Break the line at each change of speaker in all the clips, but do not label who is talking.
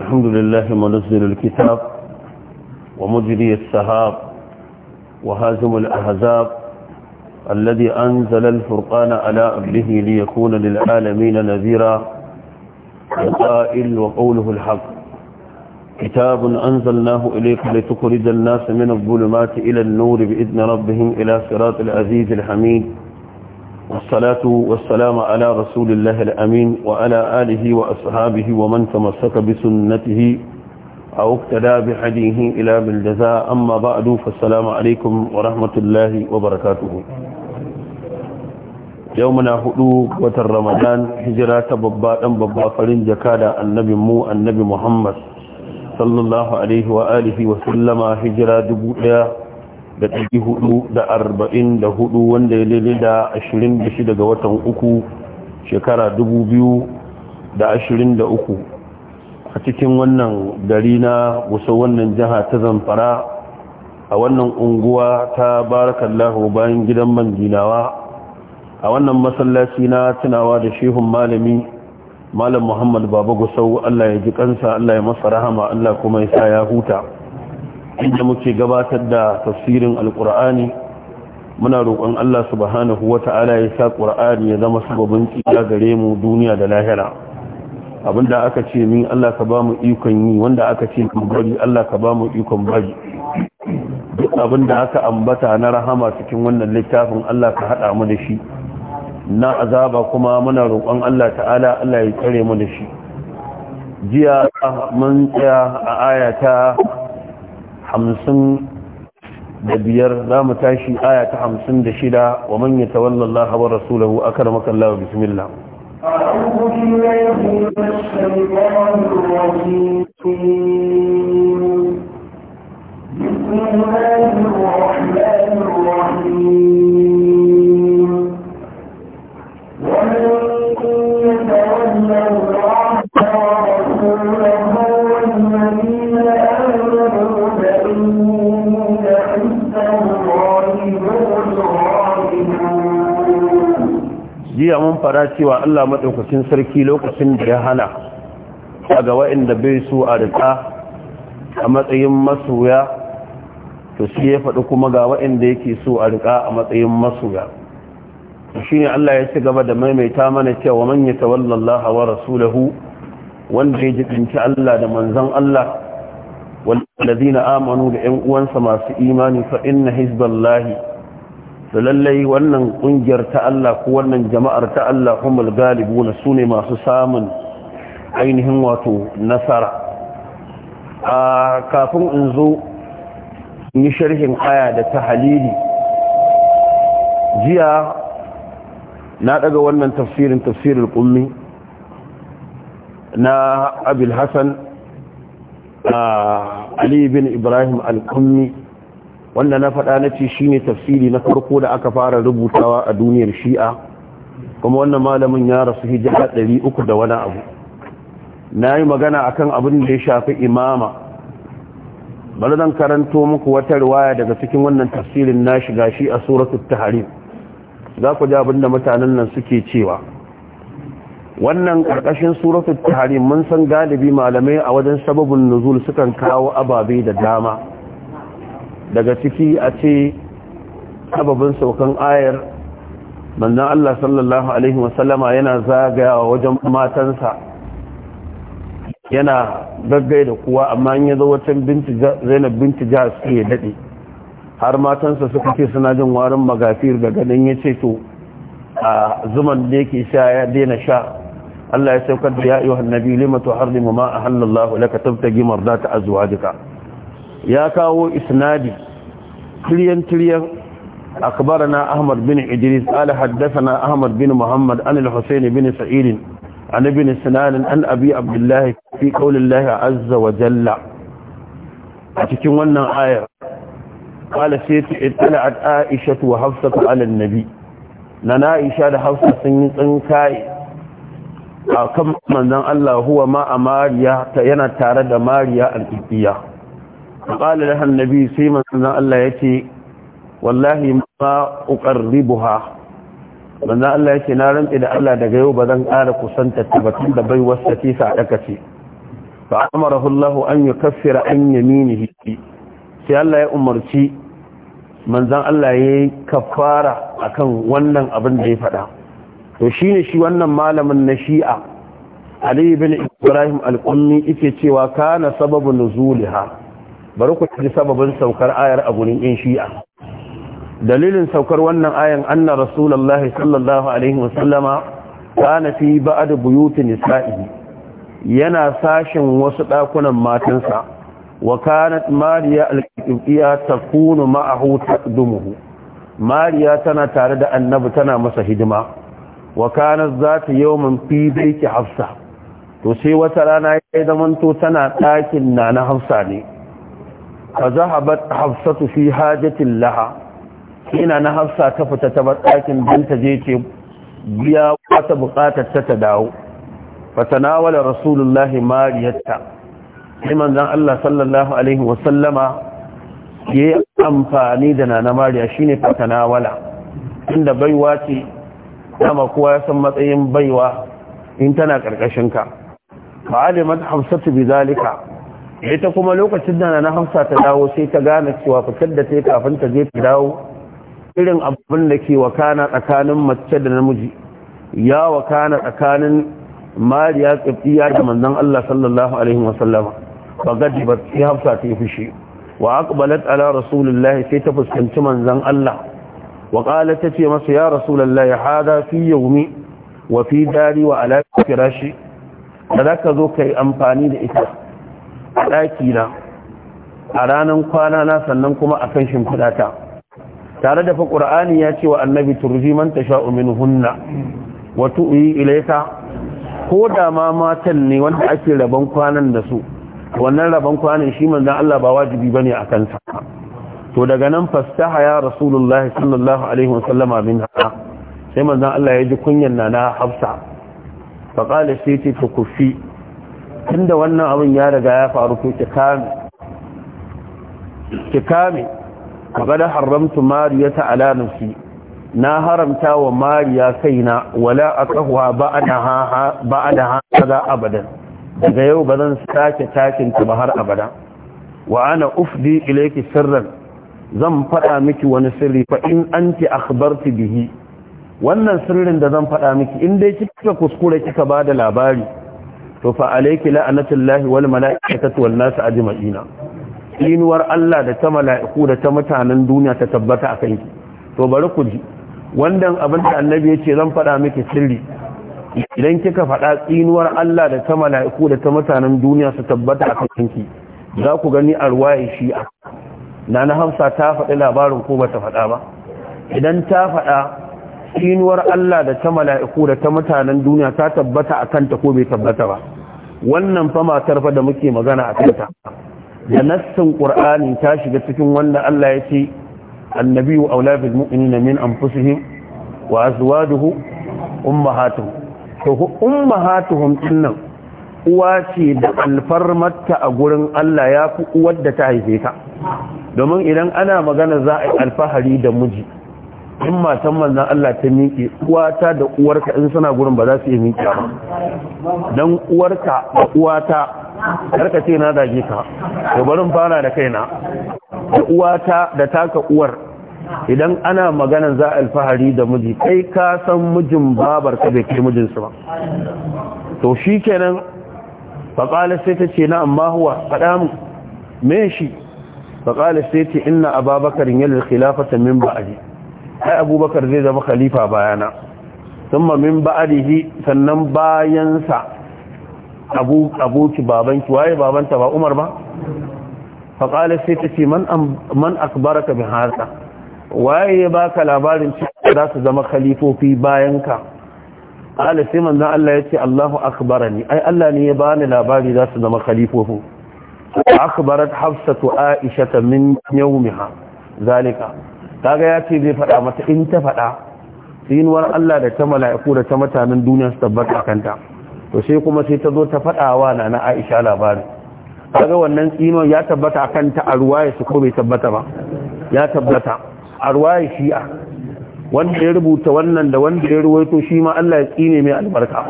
الحمد لله منزل الكتاب ومجري السهاب وهازم الأحزاب الذي أنزل الفرقان على أبله ليكون للعالمين نذيرا وقائل وقوله الحق كتاب أنزلناه إليك لتخرج الناس من الظلمات إلى النور بإذن ربهم إلى صراط العزيز الحميد والصلاة والسلام على رسول الله الأمين وعلى آله وأصحابه ومن تمسك بسنته أو اقتدى بحديه إلى بالجزاء أما بعد فالسلام عليكم ورحمة الله وبركاته يومنا هدو وتر رمضان هجرة ببا أم ببا فلن جكادا النبي مو النبي محمد صلى الله عليه وآله وسلم هجرة دبوئة da ɗari hudu da arba'in da hudu wanda ya daidai da ashirin da shi daga watan uku shekara dubu biyu da ashirin da uku a cikin wannan gari na gusa wannan jiha ta zamfara a wannan unguwa ta lahu bayan gidan manginawa a wannan masallaci na tunawa da shehun malami malam muhammad baba gusau allah ya ji kansa allah ya masa rahama allah kuma ya sa ya huta inda muke gabatar da tafsirin alkur'ani muna roƙon Allah subhanahu wata'ala ya sa ƙur'ani ya zama sababin tsira gare mu duniya da lahira abinda aka ce min Allah ka ba mu ikon yi wanda aka ce mu bari Allah ka ba mu ikon bari duk abinda aka ambata na rahama cikin wannan littafin Allah ka haɗa mu da shi na azaba kuma muna roƙon Allah ta'ala Allah ya tsare mu da shi jiya mun tsaya a ayata خمسن دبير لا متاشي آية خمسن دشلا ومن يتولى الله ورسوله أكرمك الله بسم الله
بسم الله الرحمن الرحيم
jiya mun fara cewa Allah maɗaukacin sarki lokacin da ya hana daga waɗanda bai so a rika a matsayin masoya to shi ya faɗi kuma ga waɗanda yake so a rika a matsayin masoya shi ne Allah ya ci gaba da maimaita mana cewa man ya tawallallaha wa rasulahu wanda ya jibinci Allah da manzon Allah wallazina amanu da ƴan uwansa masu imani fa inna hizballahi da lallai wannan kungiyar ta Allah ko wannan jama'ar ta Allah humul galibuna sune masu samun ainihin wato nasara a kafin in zo yi sharhin aya da ta halili jiya na daga wannan tafsirin tafsirin kummi na abil hassan ali bin ibrahim al-kummi wanda na faɗa na ce shi ne tafsiri na farko da aka fara rubutawa a duniyar shi'a kuma wannan malamin ya rasu hijira 300 da wani abu na yi magana a kan abin da ya shafi imama bari zan karanto muku wata riwaya daga cikin wannan tafsirin na shiga shi a suratul tahrim za ku ji abin da mutanen nan suke cewa wannan ƙarƙashin suratul tahrim mun san galibi malamai a wajen sababin nuzul sukan kawo ababe da dama daga ciki a ce sababin saukan ayar manzan Allah sallallahu Alaihi wasallama yana zagayawa wajen matansa yana gaggai da kuwa amma ya zo wacin zainab binti jihar su ya daɗe har matansa suka ce suna jin warin magafir daga nan yace to a zuman da yake sha ya daina sha Allah ya saukar da ya yi wa annabi lima to har ma a hallallahu laka tabtagi azwajika ya kawo isnadi tiriyan tiriyan akbarana ahmad bin idris haddasa na ahmad bin muhammad an al-husayn bin sa'id an ibn sinan an abi abdullah fi qawlillahi azza wa jalla a cikin wannan ayar qala sayyid ittala'at aisha wa hafsa ala an nana aisha da hafsa sun yi tsinkaye. a kan manzan Allah huwa ma a mariya yana tare da mariya alkifiya فقال لها النبي سيما سنة الله يتي والله ما أقربها من الله يتي نارم إذا الله دقيو بذن آلك سنت التبتين دبي وستي سعدكتي فأمره الله أن يكفر عن يمينه sai Allah ya umarci manzan Allah ya yi kafara akan wannan abin da ya faɗa to shi shi wannan malamin na shi'a Ali bin Ibrahim al-Qummi yake cewa kana sababin zuliha. bari ku ji sababin saukar ayar a gurin yan shi'a dalilin saukar wannan ayan anna rasulullahi sallallahu alaihi wasallama kana fi ba'd buyut nisa'i yana sashin wasu dakunan matansa wa kanat mariya al-qibtiyya takunu ma'ahu tadumuhu mariya tana tare da annabi tana masa hidima wa kanat zata yawman fi baiti hafsa to sai wata rana ya zamanto tana ɗakin na na hafsa ne fa zahabat hafsatu shi hajatin laha ina na hafsa ta fita ta dakin dan ta je ce biya wata bukatar ta ta dawo fa tanawala rasulullahi mariyatta sai manzon Allah sallallahu alaihi wa sallama yayi amfani da nana mariya shine fa tanawala inda baiwa ce dama kowa yasan matsayin baiwa in tana karkashin ka fa alimat hafsatu bi ita kuma lokacin da na hafsa ta dawo sai ta gane cewa fitar da ta kafin ta je ta dawo irin abin da ke wakana tsakanin mace da namiji ya wakana tsakanin mariya tsafiya da manzon Allah sallallahu alaihi wasallama ba gaji ba sai hafsa ta yi fushi wa aqbalat ala rasulillahi sai ta fuskanci manzon Allah wa qalat ta ce masa ya rasulullahi hada fi yawmi wa fi dari wa ala firashi da ka zo kai amfani da ita a ɗakina a ranar kwana na sannan kuma a kan shimfiɗata tare da fa ƙur'ani ya ce wa annabi turji man ta sha'u hunna wa tu'i ilaika ko da ma matan ne wanda ake rabon kwanan da su wannan rabon kwanan shi manzon Allah ba wajibi bane a kansa to daga nan fastaha ya rasulullahi sallallahu alaihi wasallama minha sai manzon Allah ya ji kunyan nana Hafsa fa qala sai ce ta kufi tunda wannan abin ya daga ya faru ko ki kame ki kame kada Mariya ta ala na haramta wa mariya kaina wala a ba'daha ba'daha kaza abadan daga yau ba zan sake takin ta ba har abadan. wa ana ufdi ilayki sirran zan fada miki wani sirri fa in anti akhbarti bihi wannan sirrin da zan fada miki in dai kika kuskure kika bada labari to fa alayki la'natullahi wal mala'ikati wan nas ajma'ina inwar Allah da ta mala'iku da ta mutanen duniya ta tabbata akan ki to bari ku ji wannan abin da annabi ya ce zan faɗa miki sirri idan kika faɗa tsinuwar Allah da ta mala'iku da ta mutanen duniya su tabbata akan ki. za ku gani arwaye shi a nana hamsa ta faɗi labarin ko bata faɗa ba idan ta faɗa kinuwar Allah da ta mala'iku da ta mutanen duniya ta tabbata a kanta ko bai tabbata ba wannan fama matar fa da muke magana a kanta da nassin ƙur'ani ta shiga cikin wanda Allah ya ce annabi wa aulabil na min anfusihim wa azwajuhu ummahatuhum to ummahatuhum dinnan uwa ce da alfarmarta a gurin Allah ya fi uwar da ta haife ta domin idan ana magana za a yi alfahari da miji in matan manzan Allah ta miƙe uwata da uwarka in suna gurin ba za su iya miƙe
ba
don uwarka da uwata karka ce na zage ka da barin fara da kaina da uwata da taka uwar idan ana maganan za a alfahari da miji kai ka san mijin babar ka bai kai mijinsu ba to shi kenan faƙalar sai ta ce na amma huwa faɗa mu me shi faƙalar sai ce ina ababakarin yalar khilafata min ji. ai abubakar zai zama khalifa bayana thumma min ba'dihi sannan bayansa abuki babanki waye babanta ba Umar ba fa sai tace man man akbaraka bi hada waye baka labarin cikin za su zama khalifofi bayanka qala sai manzon Allah ce Allahu ne ai Allah ne ya bani labari za su zama khalifofi akbarat hafsatu aisha min yawmiha zalika kaga ya ce zai faɗa mata in ta faɗa tsinuwar Allah da ta mala'iku da ta mutanen duniya su tabbata kanta to sai kuma sai ta zo ta faɗa wa na na Aisha labarin kaga wannan tsinuwar ya tabbata kanta a ruwaya su ko bai tabbata ba ya tabbata a ruwaya shi'a wanda ya rubuta wannan da wanda ya ruwaito shi ma Allah ya tsine mai albarka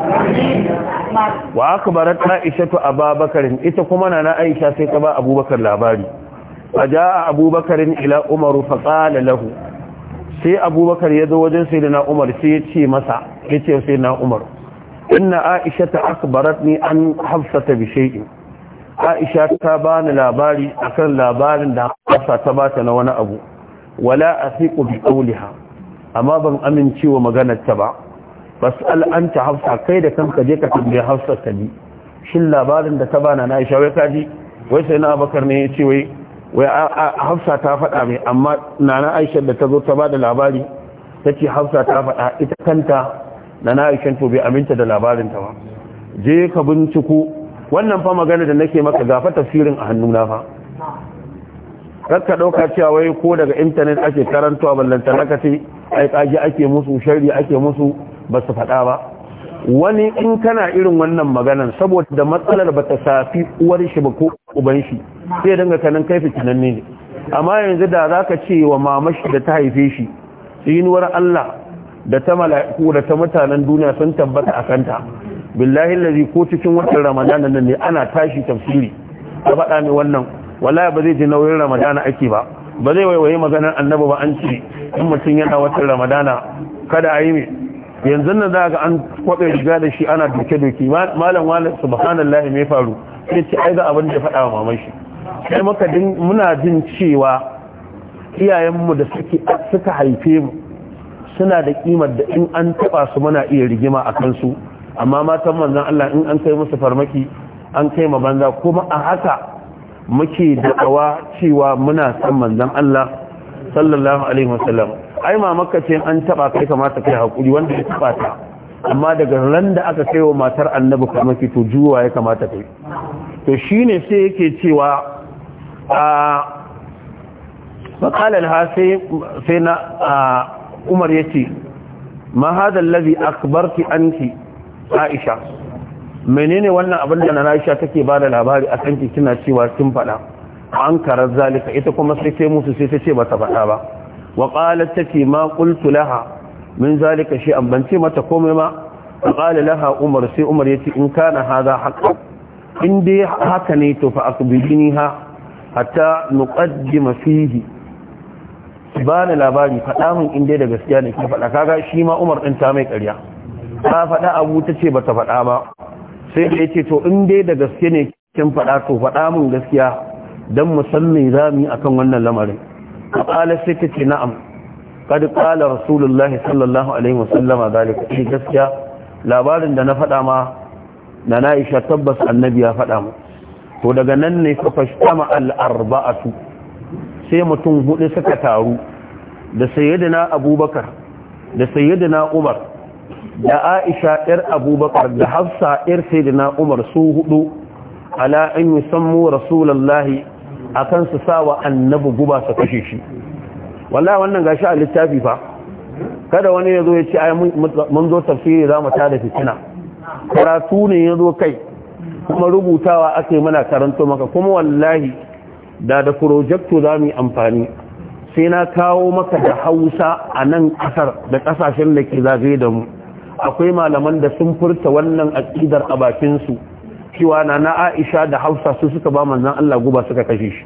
wa akbarat Aisha to Abubakar ita kuma na na Aisha sai ta ba Abubakar labari فجاء أبو بكر إلى عمر فقال له سي أبو بكر يدو وجن سيدنا عمر سي تشي مسع يتي سيدنا عمر إن عائشة أخبرتني عن حفصة بشيء عائشة تبان لاباري أكن لابار دا حفصة تباتنا وانا أبو ولا أثق بقولها أما بن أمن شي ومغانا التبع بسأل أنت حفصة كيدا كم كجيك تبني حفصة تبي شل لابار دا تبانا عائشة ويكادي ويسينا أبو بكر نيتي وي wai hafsa ta faɗa mai amma nana aisha da ta zo ta ba da labari ta ce hafsa ta faɗa ita kanta nana aishar to bai aminta da labarinta ba je ka binciko wannan fa magana da nake maka gafa tafsirin a hannuna fa ka ɗauka cewa wai ko daga intanet ake karantawa ballanta na kace ai kaji ake musu shari ake musu ba su faɗa ba wani in kana irin wannan maganan saboda matsalar ba ta safi uwar shi ba ko uban shi sai dinga kanin kai fitinanne ne amma yanzu da za ka ce wa mamashi da ta haife shi tsinuwar Allah da ta mala'iku da ta mutanen duniya sun tabbata a kanta billahi lazi ko cikin watan ramadana nan ne ana tashi tafsiri a faɗa ne wannan wala ba zai ji nauyin ramadana ake ba ba zai waiwaye maganar annabi ba an ce in mutum yana watan ramadana kada a yi mai yanzu nan za ga an kwaɓe riga da shi ana doke-doke malam wani subhanallah mai faru sai ce ai ga abin da faɗa wa mamashi sai muka muna jin cewa iyayenmu da suka haife mu suna da kimar da in an taba su muna iya rigima a kansu amma matan manzan Allah in an kai musu farmaki an kai ma banza kuma a haka muke da'awa cewa muna san manzan Allah sallallahu alaihi wasallam ai ma makka ce an taba kai kamata kai hakuri wanda ya taba ta amma daga ran da aka kai wa matar annabi farmaki to juwa ya kamata kai to shine sai yake cewa فقال makalar ha sai na ya ce ma haɗar lazi aisha menene wannan abin da na aisha take ba da labari a kanki kina cewa kin fada an karar zalika ita kuma sai ce musu sai ta ce ba ta faɗa ba wa qalat ta ma qultu laha min zalika shi an bance mata komai ma qala laha umar sai umar ya in kana haza haƙa in dai haka ne to fa akbiriniha hatta nuqaddima fihi bani labari faɗa min inda da gaskiya ne ke faɗa kaga shi ma Umar ɗin ta mai ƙarya ta faɗa Abu tace bata faɗa ba sai da yace to in dai da gaske ne kin faɗa to faɗa min gaskiya dan mu san me zamu akan wannan lamarin qala sai tace na'am qad qala rasulullahi sallallahu alaihi wasallama zalika eh, gaskiya labarin da na faɗa ma na na isha tabbas annabi ya faɗa mu to daga nan ne fa al'arba'atu arbaatu sai mutum hudu suka taru da sayyidina abubakar da sayyidina umar da aisha ɗar abubakar da hafsa ɗar sayyidina umar su hudu ala an yi sammu rasulallahi a kan su sa wa annabi guba su kashe shi walla wannan gashi a littafi fa kada wani ya zo ya ce ai mun zo tafsiri za mu tada fitina karatu ne ya zo kai kuma rubutawa ake yi mana karanto maka kuma wallahi da da projecto za mu yi amfani sai na kawo maka da hausa a nan kasar da kasashen da ke zagaye da mu akwai malaman da sun furta wannan aƙidar a bakin su cewa na na aisha da hausa su suka ba manzan Allah guba suka kashe shi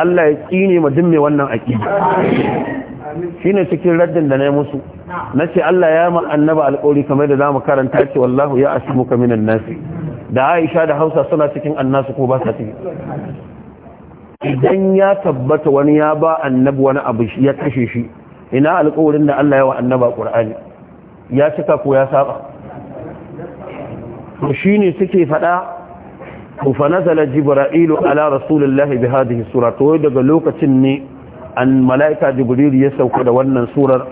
Allah ya tsine ma dinne wannan aƙida shine cikin raddin da na yi musu na ce Allah ya ma annaba alƙawari kamar da zamu karanta ce wallahu ya muka minan nasi da Aisha da Hausa suna cikin annasu ko ba sa ciki idan ya tabbata wani ya ba annabi wani abu ya kashe shi ina alƙawarin da Allah ya wa annaba ƙur'ani? ya cika ko ya saba to shine suke faɗa fa nazala jibra'ilu ala rasulillahi bi hadhihi sura to daga lokacin ne an mala'ika jibril ya sauka da wannan surar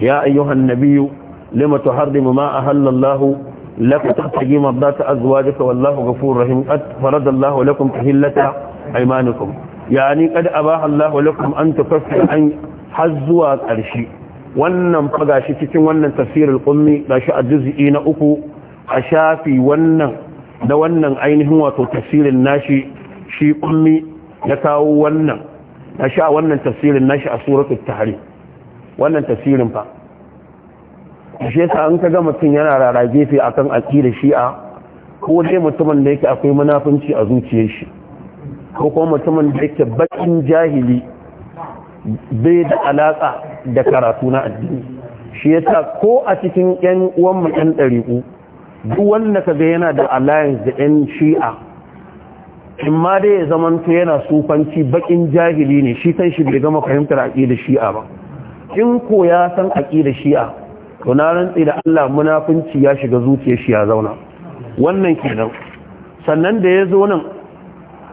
ya ayyuhan nabiyyu lima tuharrimu ma ahallallahu laka tabtagi mabdata azwajika wallahu ghafurur rahim faradallahu lakum tahillata aymanukum yani a abaha Allahu lakum an tukaffiru an hazzuwa ƙarshe wannan fa cikin wannan tafsirul qummi gashi a juz'i na uku a shafi wannan da wannan ainihin wato tafsirin nashi shi qummi ya kawo wannan na sha wannan na nashi a suratul tahrim wannan tasirin fa shi yasa an kaga mutum yana rara gefe akan aqida shi'a ko dai mutumin da yake akwai munafunci a zuciyar shi ko kuma mutumin da yake bakin jahili bai da alaka da karatu na addini shi yasa ko a cikin yan uwan mu yan dariku duk wanda kaga yana da alliance da yan shi'a in ma dai ya zamanta yana sufanci bakin jahili ne shi kan shi bai gama fahimtar aƙidar shi'a ba in ko ya san aƙidar shi'a to na rantsi da Allah munafunci ya shiga zuciyar shi ya zauna wannan kenan sannan da ya zo nan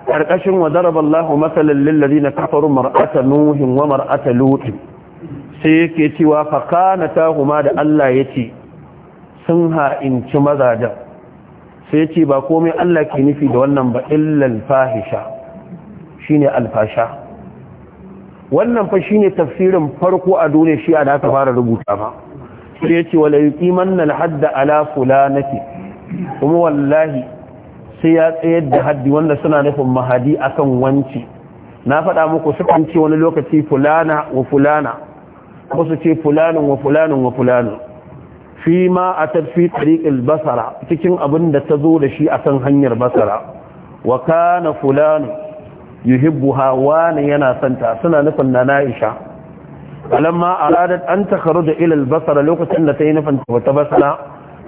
ƙarƙashin wa daraballahu masalan lil ladina kafaru mar'ata nuhin wa mar'ata lut sai yake cewa fa kana tahuma da Allah yace sun ha'inci mazajen sai ce ba komai Allah ke nufi da wannan ba illal fahisha shine alfasha wannan fa shine tafsirin farko a duniya shi a da aka fara rubuta ba sai ya ce wala yuqimanna al-hadda ala fulanati kuma wallahi sai ya tsayar da haddi wanda suna nufin mahadi akan wanci na faɗa muku sukan ce wani lokaci fulana wa fulana su ce fulanin wa fulanin wa fulanin fi ma a tafi tariƙil basara cikin abin da ta zo da shi a kan hanyar basara wa kana fulani yuhibbu ne yana santa suna nufin na na'isha alamma a an takaru da ilil basara lokacin da ta yi nufin ta basara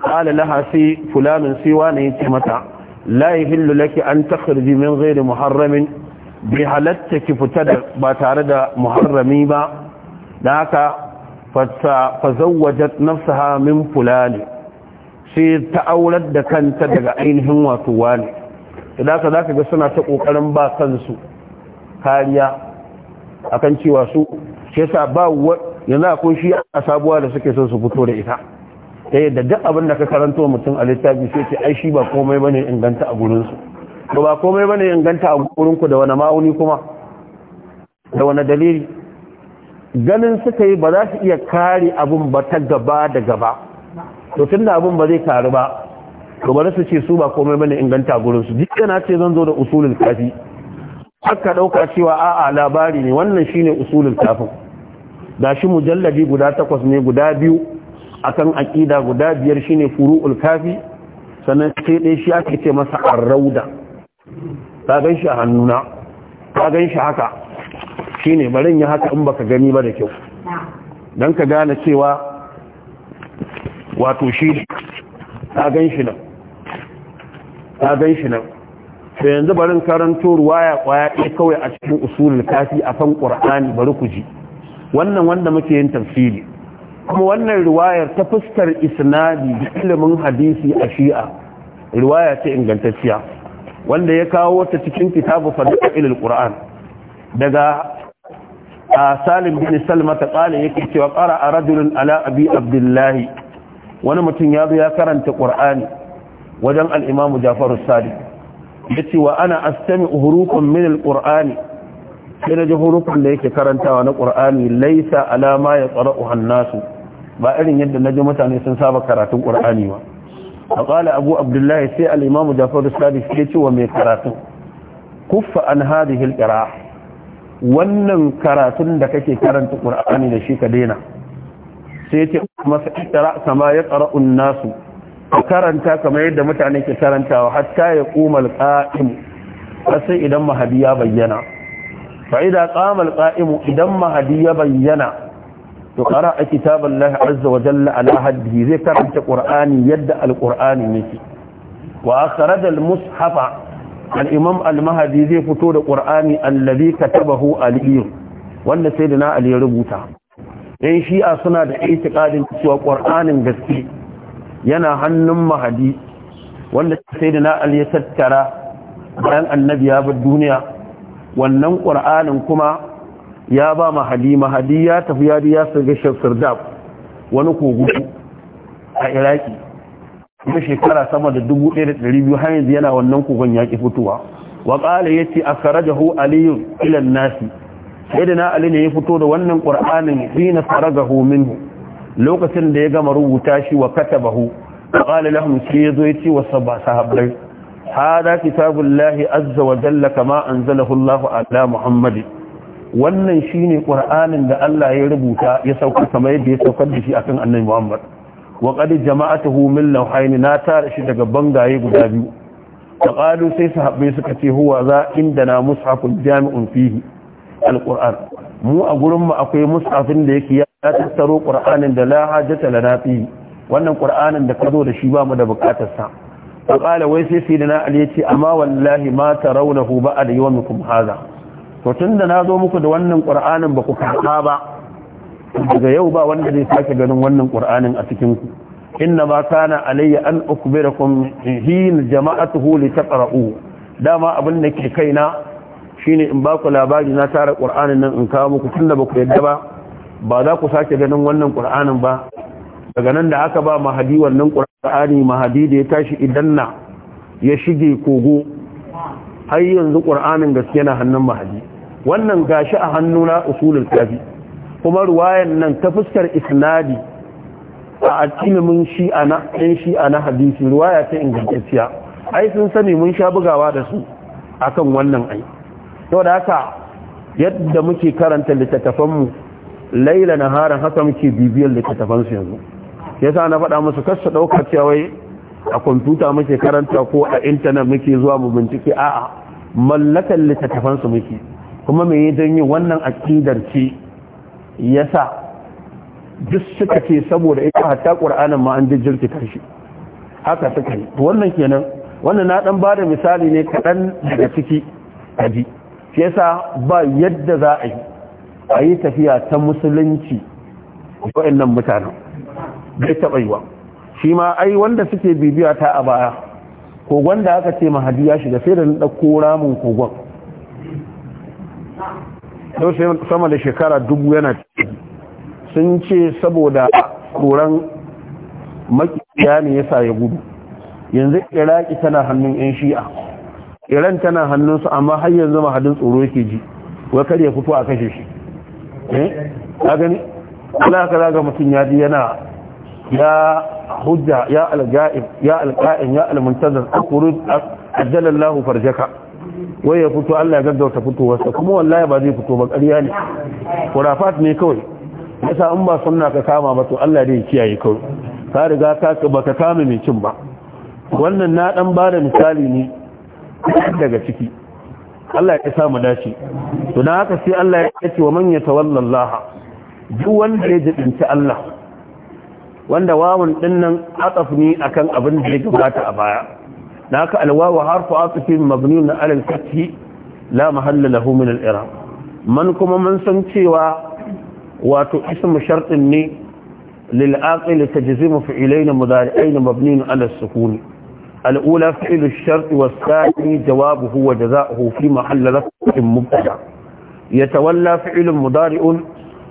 ƙala laha sai fulanin sai wani ya ce mata la yuhillu laki an takarji min ghairi muharramin bi halatta ki fita da ba tare da muharrami ba da haka fazawwajat nafsaha min fulani sai ta aurar da kanta daga ainihin wato wani idan ka zaka ga suna ta kokarin ba kansu kariya akan cewa su shi yasa ba yanzu akwai shi a sabuwa da suke son su fito da ita ta yadda duk abin da ka wa mutum a littafi sai ce ai shi ba komai bane inganta a gurinsu ba ba komai bane inganta a gurinku da wani ma'auni kuma da wani dalili ganin suka yi ba za su iya kare abin ba ta gaba da gaba to tun da abin ba zai kare ba to bari su ce su ba komai bane inganta gurinsu, su duk yana ce zan zo da usulun kafi aka dauka cewa a'a labari ne wannan shine usulun kafin gashi mujalladi guda takwas ne guda biyu akan aƙida guda biyar shine furu'ul kafi sannan sai dai shi ake ce masa arrauda ta gan a hannuna ta gan haka Shi ne barin ya haka in baka gani ba da kyau don ka gane cewa wato shi ta gan shi nan ta gan shi nan da yanzu barin karanto ruwaya kwaya ɗaya kawai a cikin usulun kafi a kan ƙur'ani bari ku ji wannan wanda muke yin tafsiri kuma wannan ruwayar ta fuskar isnadi da ilimin hadisi a shi'a ruwaya ta ingantacciya wanda ya kawo ta cikin kitabu fadar ilil daga salim bin salma ta ƙali yake cewa ƙara a rajulun ala abi abdullahi wani mutum ya zo ya karanta ƙur'ani wajen al'imamu jafaru sadi ya ce wa ana astami hurufin min ƙur'ani sai da ji hurufin da yake karantawa na ƙur'ani laisa alama ya tsara uhannasu ba irin yadda na ji mutane sun saba karatun ƙur'ani ba a ƙala abu abdullahi sai al'imamu jafaru sadi ya ce wa mai karatun kuffa an hadihil ƙira'a wannan karatun da kake karanta qur'ani da shi ka daina sai yace masa ikra kama ya qara'un nasu karanta kamar yadda mutane ke karantawa hatta ya koma qa'im sai idan mahadi ya bayyana fa idza qama idan mahadi ya bayyana to qara'a kitaballahi azza wa jalla ala zai karanta qur'ani yadda al yake wa akhraja al-mushafa alimam al-mahdi zai fito da qur'ani allazi katabahu al-ilm wanda sayyidina na ya rubuta yan shi'a suna da itiqadin cewa qur'anin gaske yana hannun mahdi wanda sayyidina na ya tattara bayan annabi ya bar duniya wannan ƙur'anin kuma ya ba mahdi mahdi ya tafi ya ya sirga shafsirdab wani kogu a iraki kuma shekara sama da dubu ɗaya da ɗari har yanzu yana wannan kogon ya ki fitowa wa qala yati akhrajahu aliyun aliyu ilan nasi na ali ne ya fito da wannan qur'anin hina faragahu minhu lokacin da ya gama rubuta shi wa katabahu qala lahum shi yazo yace wa sahabbai hada Lahi azza wa jalla kama anzalahu Allahu ala muhammadin wannan shine ƙur'anin da Allah ya rubuta ya sauka kamar yadda ya saukar da shi akan annabi Muhammad wa jama'a tuhumin min na tara shi daga bangaye guda biyu faqalu sai haɓe suka ce huwa za indana mushafun jami'un fihi alquran mu a gurin mu akwai mushafin da yake ya tattaro qur'anin da la hajjata lana fi wannan qur'anin da ka zo da shi ba mu da bukatar sa faqala wai sai na ali ce amma wallahi ma ta ba tarawnahu ba'da yawmikum haza. to na nazo muku da wannan qur'anin ba ku karba ba daga yau ba wanda zai sake ganin wannan qur'anin a cikin ku inna ma kana alayya an ukbirakum hin jama'atuhu taqra'u dama abin da ke kaina shine in ba ku labari na tara qur'anin nan in kawo muku tunda ba ku yadda ba ba za ku sake ganin wannan qur'anin ba daga nan da aka ba mahadi wannan qur'ani mahadi da ya tashi idan na ya shige kogo har yanzu qur'anin gaskiya na hannun mahadi wannan gashi a hannuna usulul kafi kuma ruwayan nan ta fuskar isnadi a ilimin shi na shi na hadisi ruwaya ta ingantacciya ai sun sani mun sha bugawa da su akan wannan ai to da haka yadda muke karanta littattafanmu laila na haran haka muke bibiyar littattafansu yanzu yasa na faɗa musu kasta ɗaukar cewa wai a kwamfuta muke karanta ko a intanet muke zuwa mu bincike a'a mallakan littattafansu muke kuma me ya yi wannan akidar ce Ya sa duk suka ce saboda ita hatta ƙur'anin ma an jirgin karshe haka suka yi wannan kenan wannan na ɗan ba da misali ne kaɗan daga ciki a aji shi sa ba yadda za a yi a yi tafiya ta musulunci nan mutane bai taɓa yi wa shi ma ai wanda suke bibiya ta a baya kogon da aka ce mahadi ya shiga sai da na ɗauko ramin kogon don sai sama da shekara dubu yana sun ce saboda koran makiya ne ya sa ya gudu yanzu iraki tana hannun 'yan shi'a iran tana hannunsu amma har yanzu mahadin tsoro yake ji wai kar ya fito a kashe shi eh ka gani alaka ka mutum ya ji yana ya hujja ya alga'ib ya alqa'im ya almuntazir akurud ajjalallahu farjaka wai ya fito Allah ya gaggauta fitowarsa kuma wallahi ba zai fito ba ƙarya ne kurafat ne kawai yasa in ba sunna ka kama ba to Allah zai kiyaye kawai ka riga ka baka kama mai cin ba wannan na dan ba da misali ne daga ciki Allah ya sa mu dace to dan haka sai Allah ya ce wa man yatawalla Allah duk wanda ya jibinci Allah wanda wawan dinnan atafni ne akan abin da ya gabata a baya ذاك الواو حرف na مبني على la لا محل له من الاعراب man kuma man san cewa wato ismu shartin ne lil aqil tajzimu fi'lain mudari'ain mabniin ala as-sukun al-ula fi'l ash-shart was-thani jawabuhu wa jazaa'uhu fi mahall raf'in mubtada yatawalla fi'l mudari'un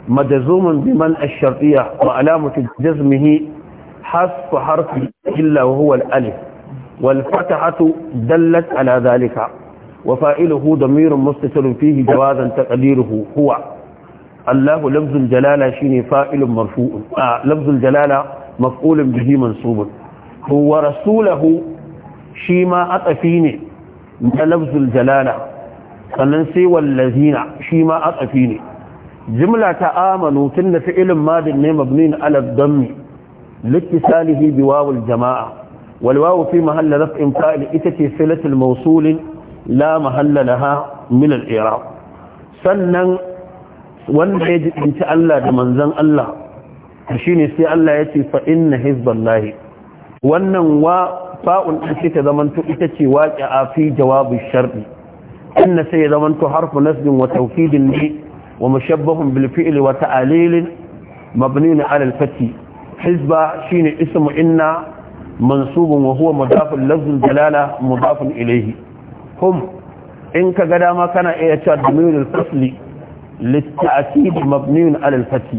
مجزوم بمن الشرطية وعلامة جزمه حسب حرف huwa وهو الألف والفتحة دلت على ذلك وفائله ضمير مستتر فيه جوازا تقديره هو الله لفظ الجلالة شيني فائل مرفوع آه لفظ الجلالة مفعول به منصوب هو رسوله شيما أطفيني لفظ الجلالة سننسي والذين شيما أطفيني جملة آمنوا تن فعل ماد مبنين على الضم لاتصاله بواو الجماعة والواو في محل رفع فاعل إتتي صلة الموصول لا محل لها من الإعراب Sannan wanda ya jibinci Allah da manzan Allah shi ne sai Allah ya ce fa'inna hezballahi wannan wa fa'un ɗin ta zamanto ita ce waƙi a fi jawabin sharɗi inna sai ya zamanto harfu nasbin wa taukidin ne wa mashabbahun bilfi'il wa ta'alilin mabni na alalfati hizba shi ne ismu inna منصوب وهو مضاف لفظ الجلاله مضاف اليه هم ان كغا دا ما كان ايتا ضمير الفصل للتاكيد مبني على الفتي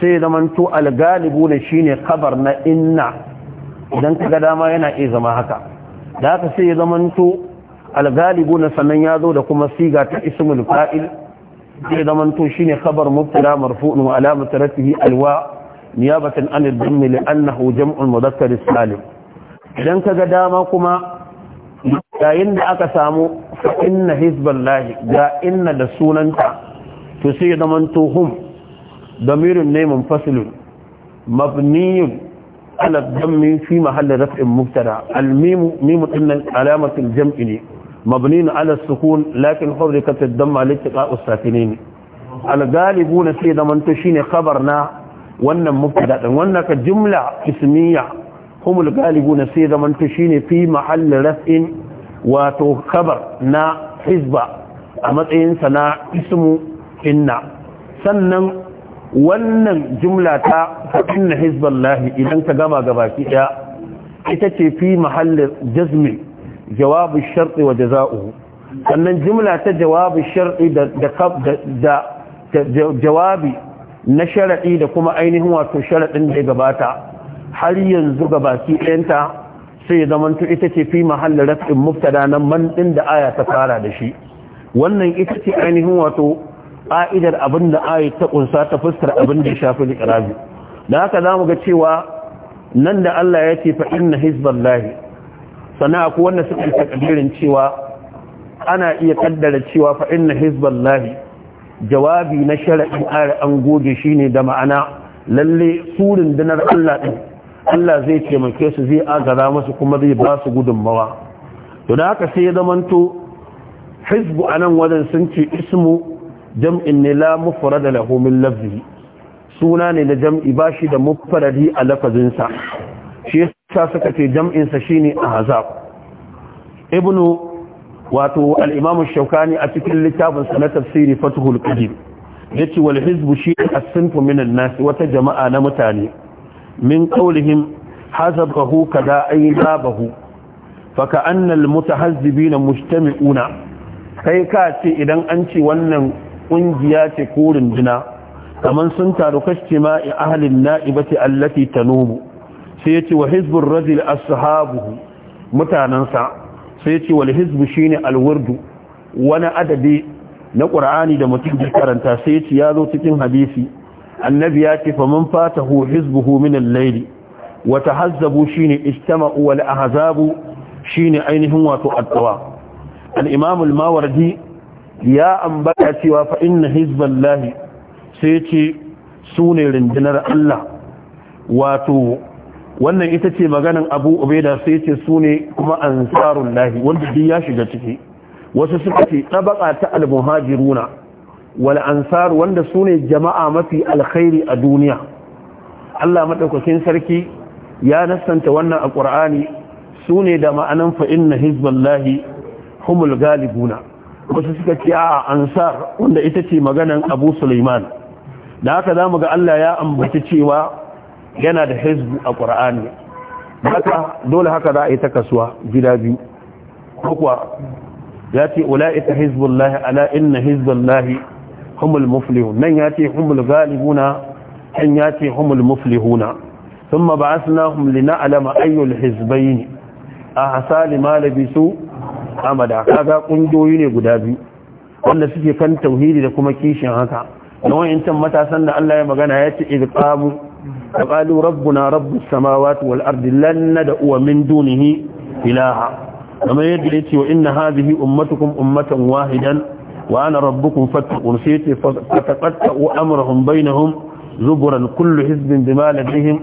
سيدا من تو الغالب ولا شيني خبر ما ان dan kaga dama yana iya zama haka da haka sai ya zamanto algalibu na sannan ya zo da kuma siga ta ismul fa'il sai ya zamanto shine khabar mubtada marfu'un wa alamatu ratbihi alwa' niyabatan an al-dhamm li'annahu jam'ul mudhakkar salim idan kaga dama kuma yayin da aka samu fa inna hizballahi ga inna da sunanta to sai da mantuhum damirun ne munfasilun mabniyun ala dhammi fi mahalli raf'in mubtada al-mim mim inna alamat jami ne mabniyun ala sukun lakin hurrikat ad-damma li ittiqa as-sakinin al-ghalibuna sai da mantu shine na. wannan mubtada din wannan ka jumla ismiya humul galibuna sai zaman to shine fi mahall raf'in wato khabar na hizba a matsayin sa na ismu inna sannan wannan jumla ta inna hizballahi idan ka gama gabaki daya ita ce fi mahall jazmi jawabu ash wa sannan jumla ta jawab da da jawabi na sharaɗi da kuma ainihin wato sharaɗin da ya gabata har yanzu gabaki ɗayanta sai ya zamanto ita ce fi mahallar rafin muftada na nan da aya ta fara da shi wannan ita ce ainihin wato ƙa'idar abin da aya ta ƙunsa ta fuskar abin da ya shafi da haka za mu ga cewa nan da Allah ya ce fa inna hizballahi sana ku wannan suka cewa ana iya kaddara cewa fa inna hizballahi jawabi na sharain ayar an goge shi ne da ma'ana lalle su rundunar Allah ɗin Allah zai taimake su zai agara masu kuma zai ba su gudunmawa to da haka sai ya zamanto hizbu anan wajen sun ce ismu jam'in ne la mufara da lahomin lafzi suna ne da jam'i bashi da mufradi a lafazinsa, shi ya sa suka ce jam'insa shi ne a ahzab ibnu wato al shaukani a cikin littafinsa na tafsiri fathul qadir yace wal hizbu shi as-sinfu min wata jama'a na mutane min qawlihim hasabahu kada ayyabahu fa ka'anna na mutahazzibina mujtami'una kai ka ce idan an ce wannan ƙungiya ce ko runduna kamar sun taru kashtima'i ahlin na'ibati ta nomu, sai yace wa hizbur razil ashabuhu mutanensa sai ce wani hizbu shine alwurdu wani adadi na qur'ani da mutum ya karanta sai ce ya zo cikin hadisi annabi ya ce fa man fatahu hizbuhu min al-layl wa tahazzabu shine istama'u wal ahzabu shine ainihin wato addu'a al-imam al-mawardi ya ambata cewa fa inna hizballahi sai ce sune rundunar Allah wato wannan ita ce maganan abu obeda sai ce su ne kuma ansarun lahi wanda biyu ya shiga ciki wasu suka ce tsabaka ta almuhajiruna wal ansar wanda su ne jama'a mafi alkhairi a duniya Allah maɗaukakin sarki ya nasanta wannan a Qur'ani su ne da ma'anan na inna lahi, humul galibuna wasu suka ce a ansar wanda ita ce maganan Abu Suleiman da haka za mu ga Allah ya ambaci cewa yana da hizbu a ƙura'ani haka dole haka za a yi ta kasuwa gida biyu kuwa ya ce ula'ika hizbullahi ala inna hizbullahi humul muflihun nan ya ce humul galibuna an ya ce humul muflihuna alama بعثناهم لنعلم أي A أحسى malabi su amada. kaga ƙungiyoyi ne guda biyu wanda suke kan tauhidi da kuma kishin haka da can matasan da Allah ya magana ya ce idqamu فقالوا ربنا رب السماوات والأرض لن ندعو من دونه إلها كما يدعيتي وإن هذه أمتكم أمة واحدا وأنا ربكم فاتقون سيتي فتقطعوا أمرهم بينهم زبرا كل حزب بما لديهم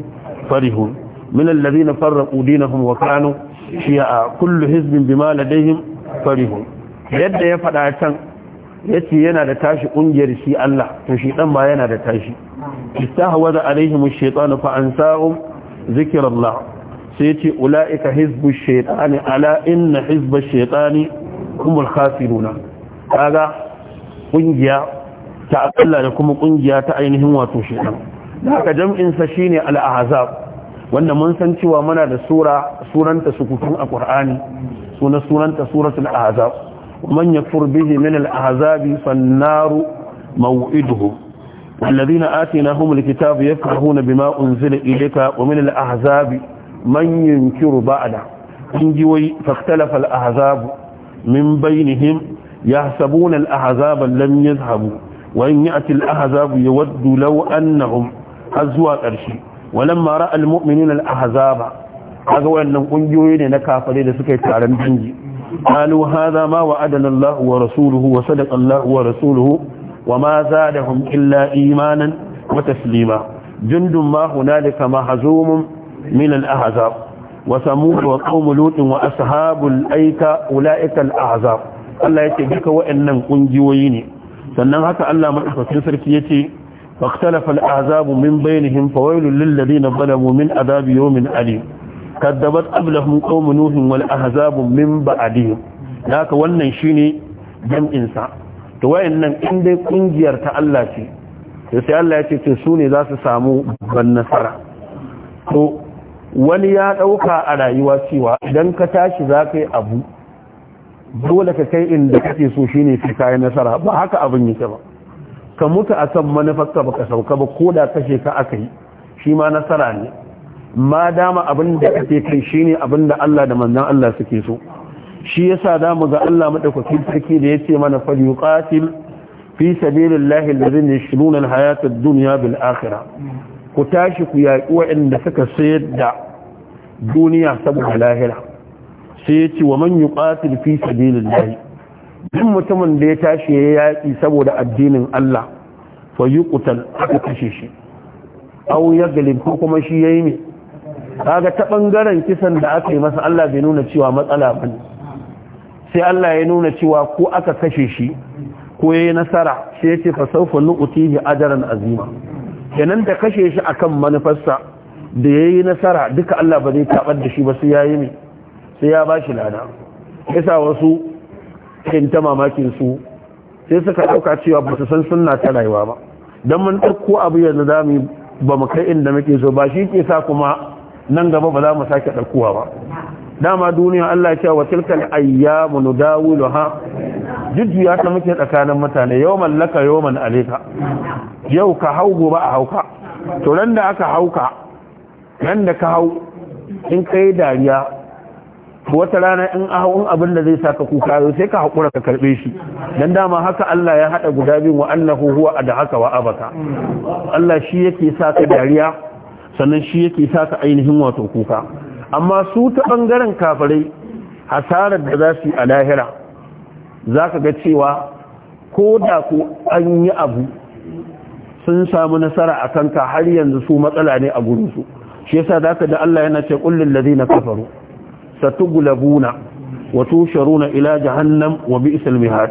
فرهون من الذين فرقوا دينهم وكانوا شيعا كل حزب بما لديهم فرهون يد يفعل عشان yace yana da tashi ƙungiyar shi Allah to shi ɗan ba yana da tashi istahawa da alaihimu mu fa an sa'um zikirallah sai ya ce ula'ika hizbu shaitani ala inna hizba shaitani kumul khasiruna kaga ƙungiya ta akalla da kuma ƙungiya ta ainihin wato shaitan da haka jam'in sa shine al-ahzab wanda mun san cewa muna da sura suranta sukutun a qur'ani sunan suranta suratul ahzab ومن يكفر به من الأعذاب فالنار موئده والذين آتيناهم الكتاب يفرحون بما أنزل إليك ومن الأعذاب من ينكر بعده انجوي فاختلف الأعذاب من بينهم يحسبون الأعذاب لم يذهبوا وإن يأتي الأعذاب يود لو أنهم أزوى قرشي ولما رأى المؤمنين الأعذاب هذا هو أنهم انجوين نكافرين سكيت على الجنجي قالوا هذا ما وعدنا الله ورسوله وصدق الله ورسوله وما زادهم إلا إيمانا وتسليما جند ما هنالك محزوم من الأحزاب وثمود وقوم لوط وأصحاب الأيكة أولئك الأحزاب الله يتبك وإنن كنجوين سننهك الله مأفكين سركيتي فاختلف الأعزاب من بينهم فويل للذين ظلموا من عذاب يوم أليم kaddabat ablahum qawm nuhin wal ahzab min ba'dihim haka wannan shine jam'in sa to wayannan in dai kungiyar ta Allah ce to sai Allah ya ce to sune za su samu ban nasara to wani ya dauka a rayuwa cewa idan ka tashi za ka abu dole ka kai inda kake so shine sai kai nasara ba haka abin yake ba ka mutu akan manufarka baka sauka ba koda kashe ka akai yi shi ma nasara ne ma dama abin da kake kai shine abin da Allah da manzan Allah suke so shi yasa sa damu ga Allah madaukakin sarki da ya ce mana fal yuqatil fi sabilillahi alladhina yashruna alhayata ad-dunya bil akhirah ku tashi ku yaƙi waɗanda suka sayar da duniya saboda lahira sai yace wa man yuqatil fi sabilillahi duk mutumin da ya tashi ya yaƙi saboda addinin Allah fa yuqtal aka kashe shi aw yaglib ko kuma shi yayi kaga ta bangaren kisan da aka yi masa Allah bai nuna cewa matsala bane sai Allah ya nuna cewa ko aka kashe shi ko yayi nasara sai yace fa sawfa nu'tihi ajran azima kenan da kashe shi akan manufarsa da yayi nasara duka Allah ba zai tabar da shi ba sai yayi ne sai ya bashi lada yasa wasu kin ta mamakin su sai suka dauka cewa ba su san sunna ta rayuwa ba dan mun dauko abu yanzu zamu ba mu kai inda muke so ba shi ke sa kuma nan gaba ba za mu sake ɗaukuwa ba dama duniya Allah ce wa tilkal ayyamu nudawiluha jujjuya ta muke tsakanin mutane yawman laka yawman aleka yau ka hau gobe a hauka to nan da aka hauka nan da ka hau in kai dariya wata rana in hau abin da zai saka kuka yau sai ka haƙura ka karɓe shi dan dama haka Allah ya haɗa guda biyu wa annahu huwa adhaka wa abaka Allah shi yake sa ka dariya sannan shi yake sa ka ainihin wato kuka amma su ta bangaren kafirai hasarar da za su yi a lahira za ka ga cewa ko da ko an yi abu sun samu nasara a kanka har yanzu su matsala ne a gurinsu shi yasa za ka da Allah yana ce kullum lazi na kafaru satugulabuna wa na ila jahannam wa bi'sal mihad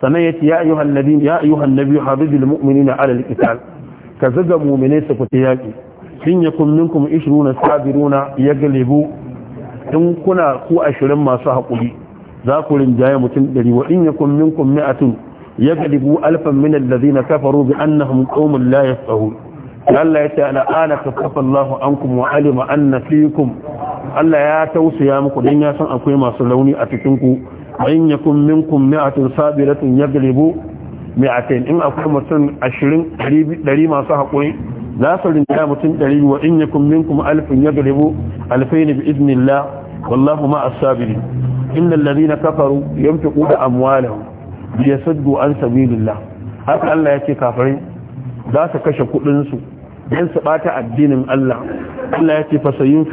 sannan yace ya ayyuhan nabiy ya ayyuhan nabiy habibul mu'minina ala al-qital ka zaga mu'mine su fita yaki in yakun minkum 20 sabiruna ya yaglibu in kuna ku ashirin masu haƙuri za ku rinjaye mutum 100 wa in yakun minkum 100 yaglibu alfan min alladhina kafaru bi annahum qaumun la yafqahun Allah ya ce ana ana kafafa Allah ankum wa alima anna fikum Allah ya tausaya muku dan ya san akwai masu launi a cikin ku wa in yakun minkum mi'atun sabiratun yaglibu mi'atain in akwai mutum 20 100 masu haƙuri. za su rinja mutum ɗari wa in ya kuma alfin alfai alfayn bi idnillah wallahu ma as-sabirin innal ladina kafaru yamtiquna amwalahum liyasuddu an sabilillah haka Allah ce kafirin za su kashe kuɗin su su bata addinin Allah Allah yake sun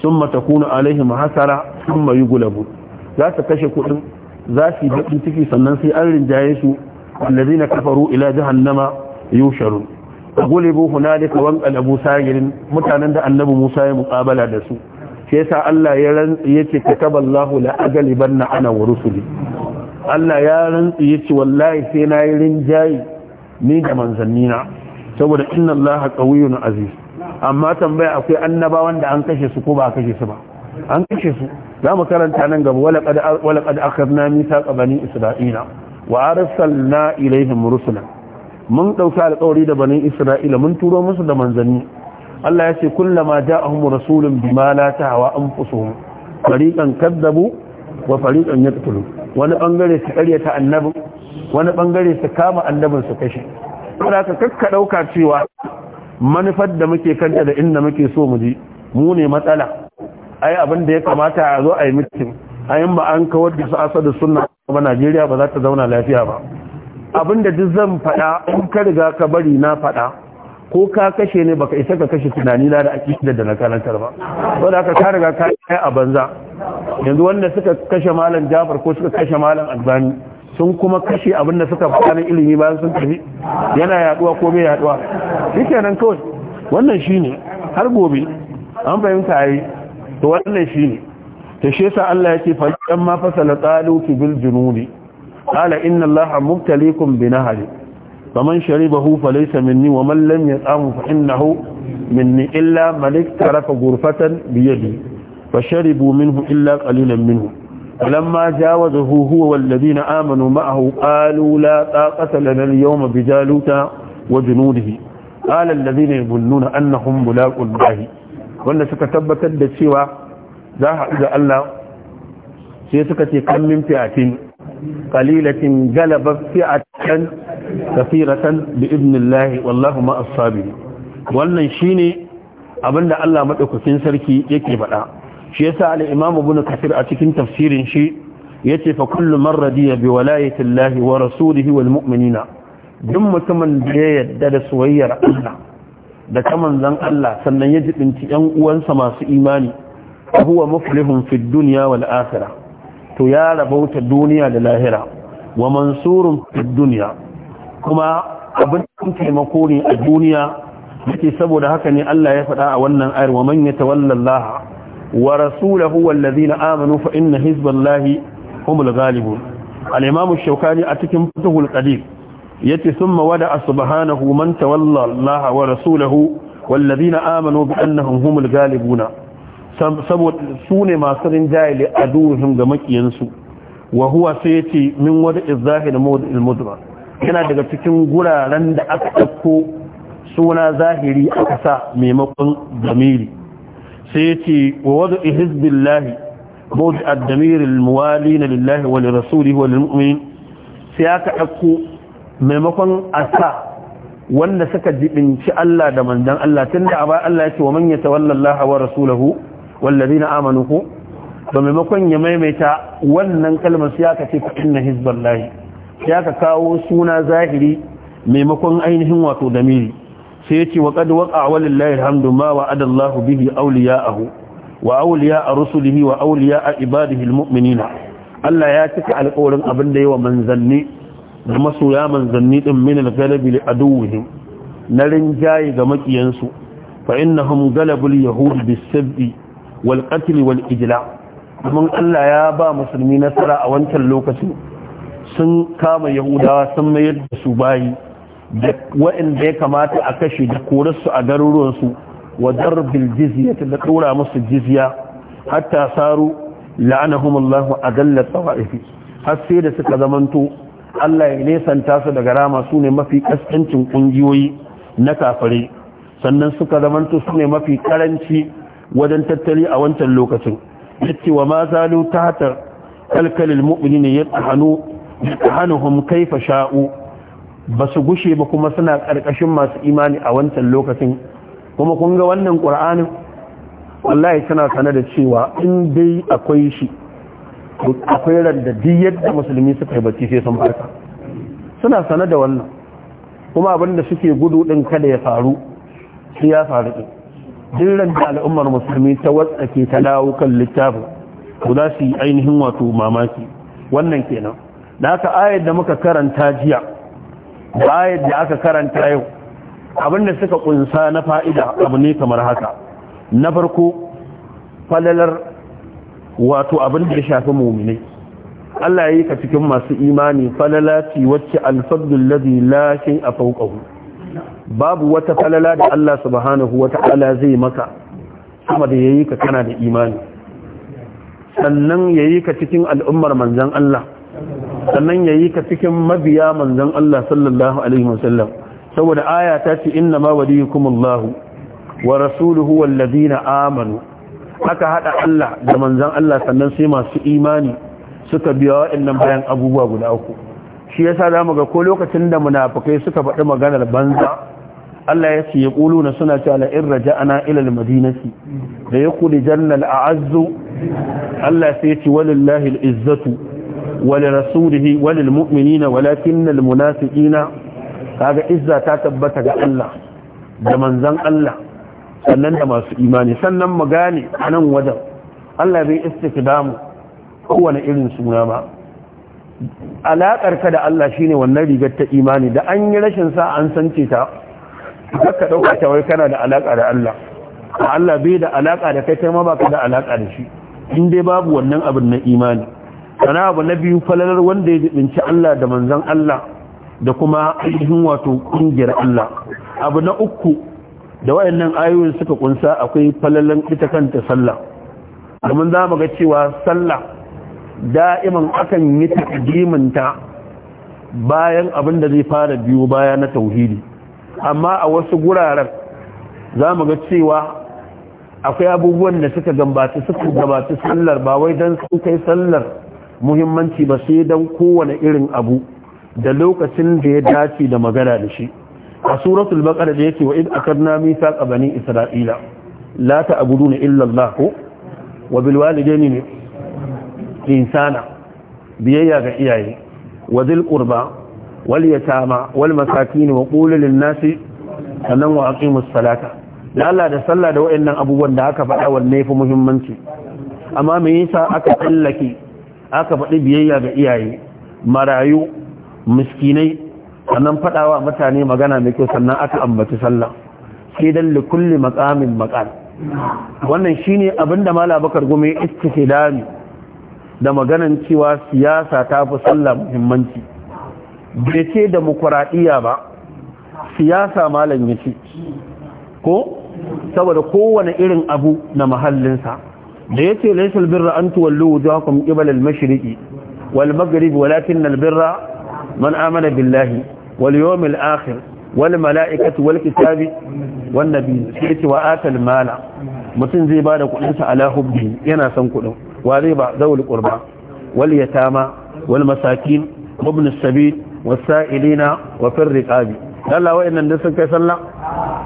thumma takunu alaihim hasara mayu gulabu za su kashe kuɗin za su yi baƙin ciki sannan sai an rinjaye su na kafaru ila jahannama yusharun gulibu hunalika wan qalabu sayirin mutanen da annabi Musa ya muqabala da su shi yasa Allah ya rantsi yace kataballahu la aghlibanna ana wa rusuli Allah ya rantsi yace wallahi sai na yi rinjayi ni da manzannina saboda inna Allah qawiyyun aziz amma tambaya akwai annabawan da an kashe su ko ba a kashe su ba an kashe su za mu karanta nan gaba wala qad wala qad akhadna mithaqa bani isra'ila wa arsalna ilayhim rusulan mun ɗauki alƙawari da banin isra'ila mun turo musu da manzanni Allah ya ce kullama ja'ahum rasulun bima la tahwa anfusuhum fariqan kadzabu wa fariqan yaqtulu wani bangare su ƙaryata annabin wani bangare su kama annabin su kashe kada ka kakka dauka cewa manufar da muke kanta da inda muke so mu ji mu ne matsala ai abin da ya kamata a zo a yi mutum ayin ba an kawar da su asa da sunna ba Najeriya ba za ta zauna lafiya ba abinda duk zan faɗa in ka riga ka bari na faɗa ko ka kashe ne baka isa ka kashe tunani na da ake da na karantar ba to da ka riga ka kai a banza yanzu wanda suka kashe malam Jafar ko suka kashe malam Albani sun kuma kashe abinda suka fada na ilimi bayan sun tafi yana yaduwa ko bai yaduwa shikenan kawai wannan shine har gobe an fahimta yayi to wannan shine ta shi yasa Allah yake fa ma fasala taluki bil junubi qala inna allaha mubtaliikum bi nahari faman sharibahu falaysa minni wa man lam yat'amu fa innahu minni illa man iktarafa ghurfatan bi yadi fasharibu minhu illa qalilan minhu فلما جاوزه هو والذين آمنوا معه قالوا لا طاقة لنا اليوم بجالوت وجنوده قال الذين يظنون أنهم ملاق الله a سكتبت الدسيوة ذا إذا ألا سيسكت كم من فئة qalilatin galabat fi'atan kafiratan bi idnillahi wallahu ma as wannan shine abinda Allah madaukakin sarki yake faɗa shi yasa al-imam ibn kafir a cikin tafsirin shi yace fa kullu man radiya bi walayati llahi wa rasulihi wal mu'minina duk mutumin da ya yadda da soyayyar Allah da ta Allah sannan ya jibinci ƴan uwansa masu imani huwa muflihun fid dunya wal akhirah to ya rabauta duniya da lahira wa mansurun fi duniya kuma abin taimako ne a duniya yake saboda haka ne Allah ya faɗa a wannan ayar wa man yatawalla Allah wa rasulahu wallazina amanu fa inna hizballahi humul ghalibun al-imam ash-shawkani a cikin fathul qadir yace thumma wada subhanahu man tawalla Allah wa rasulahu ladina amanu bi annahum humul ghalibuna saboda su ne masu rinjaye a duhun ga makiyansu wa huwa sai ce min wada izahir mawd al yana daga cikin guraren da aka ɗauko suna zahiri aka sa maimakon damiri sai ya ce wa wada hizbillahi mawd addamiri muwali na lillahi wa rasuli wa lilmu'minin sai aka ɗauko maimakon asa wanda suka jibinci Allah da manzon Allah tunda a ba Allah ce wa man yatawalla Allah wa rasulahu wallazina amanu ko ba maimakon ya maimaita wannan kalmar sai aka ce inna hizballahi Ya ka kawo suna zahiri maimakon ainihin wato damiri sai yace wa qad waqa walillahi alhamdu ma wa'ada Allahu bihi awliya'ahu wa a rusulihi wa a ibadihi almu'minina Allah ya cika alƙawarin abin da wa manzanni da masoya manzanni din min galabi li aduwwihim na rinjaye ga makiyansu fa innahum galabul yahud bis-sab'i wal qatl wal ijla Allah ya ba musulmi nasara a wancan lokacin sun kama yahudawa sun mayar da su bayi da waɗanda ya kamata a kashe da korarsu a garuruwansu wa darbil jizya da ɗora musu jizya hatta saru la'anahum a galla tsawaifi har sai da suka zamanto Allah ya nesanta su daga rama su ne mafi ƙasƙancin ƙungiyoyi na kafare sannan suka zamanto su ne mafi ƙaranci. wajen tattali a wancan lokacin yace wa ma zalu tahta kalkalil mu'minin yatahanu yatahanuhum kaifa sha'u basu gushe ba kuma suna karkashin masu imani a wancan lokacin kuma kun ga wannan qur'ani wallahi tana sanar da cewa in dai akwai shi akwai randa duk yadda musulmi suka yi bacci sai sun farka suna sanar da wannan kuma abinda suke gudu din kada ya faru sai ya faru din dillan da al'ummar musulmi ta watsake ta dawo kan littafin ku za su yi ainihin wato mamaki wannan kenan da aka ayar da muka karanta jiya da ayar da aka karanta yau abinda suka kunsa na fa'ida abu ne kamar haka na farko falalar wato abinda ya shafi muminai Allah ya yi ka cikin masu imani falalaci wacce alfabdul ladhi la shay'a fawqahu babu wata falala da Allah subhanahu wata'ala zai maka sama da yayi ka kana da imani sannan yayi ka cikin al'ummar manzon Allah sannan yayi ka cikin mabiya manzon Allah sallallahu alaihi wasallam saboda aya ta ce inna ma waliyukumullahu wa rasuluhu wallazina amanu aka hada Allah da manzon Allah sannan sai masu imani suka biya wa'annan bayan abubuwa guda uku shi yasa zamu ga ko lokacin da munafikai suka faɗi maganar banza Allah ya ce ya na suna cewa la in raja'ana ila al da ya kuli jannal a'azzu Allah sai ce walillahi al-izzatu wa li rasulihi wa lil mu'minina walakinna al-munafiqina kaga izza ta tabbata ga Allah da manzan Allah sannan da masu imani sannan mu gane nan wajen Allah bai istikdamu kowane irin suna ba alaƙarka da Allah shine wannan rigar ta imani da an yi rashin sa an sance ta ka ɗauka ta wai kana da alaƙa da Allah Allah bai da alaƙa da kai kai ma baka da alaƙa da shi in dai babu wannan abin na imani sana abu na biyu falalar wanda ya jibinci Allah da manzan Allah da kuma ainihin wato ƙungiyar Allah abu na uku da wayannan ayoyin suka kunsa akwai falalan ita kanta sallah domin za mu ga cewa sallah da'iman akan yi ta bayan abin da zai fara biyo baya na tauhidi amma a wasu guraren za mu ga cewa akwai abubuwan da suka gambata suka gabata sallar ba wai don sun kai sallar muhimmanci ba sai don kowane irin abu da lokacin da ya dace da magana da shi a suratul baqara da yake wa id akadna misa bani isra'ila la ta'buduna illa allah wa bil walidayni sana biyayya ga iyaye wa dhil qurba wal yatama wal masakin wa qul lil nasi sannan wa aqimus salata da Allah da sallah da wayannan abubuwan da aka faɗa wanne fi muhimmanci amma me yasa aka tsallake aka faɗi biyayya ga iyaye marayu miskinai sannan faɗawa mutane magana mai kyau sannan aka ambaci sallah sai dan li kulli maqamin maqal wannan shine abinda mala bakar gumi dami da maganan cewa siyasa ta fi sallah muhimmanci bai ce demokuraɗiyya ba siyasa malam ya ce ko saboda kowane irin abu na mahallinsa da ya ce laisal birra an tuwallo wujuhakum qibala al-mashriqi wal magaribi walakin al-birra man amana billahi wal yawmil akhir wal mala'ikati wal kitabi wannan nabiy sai ce wa atal mala mutum zai bada kudin sa ala hubbi yana son kuɗin wa zai ba zawul qurba wal yatama wal masakin ibn sabil wasa'ilina wa fir riqabi Allah wayannan da sun kai sallah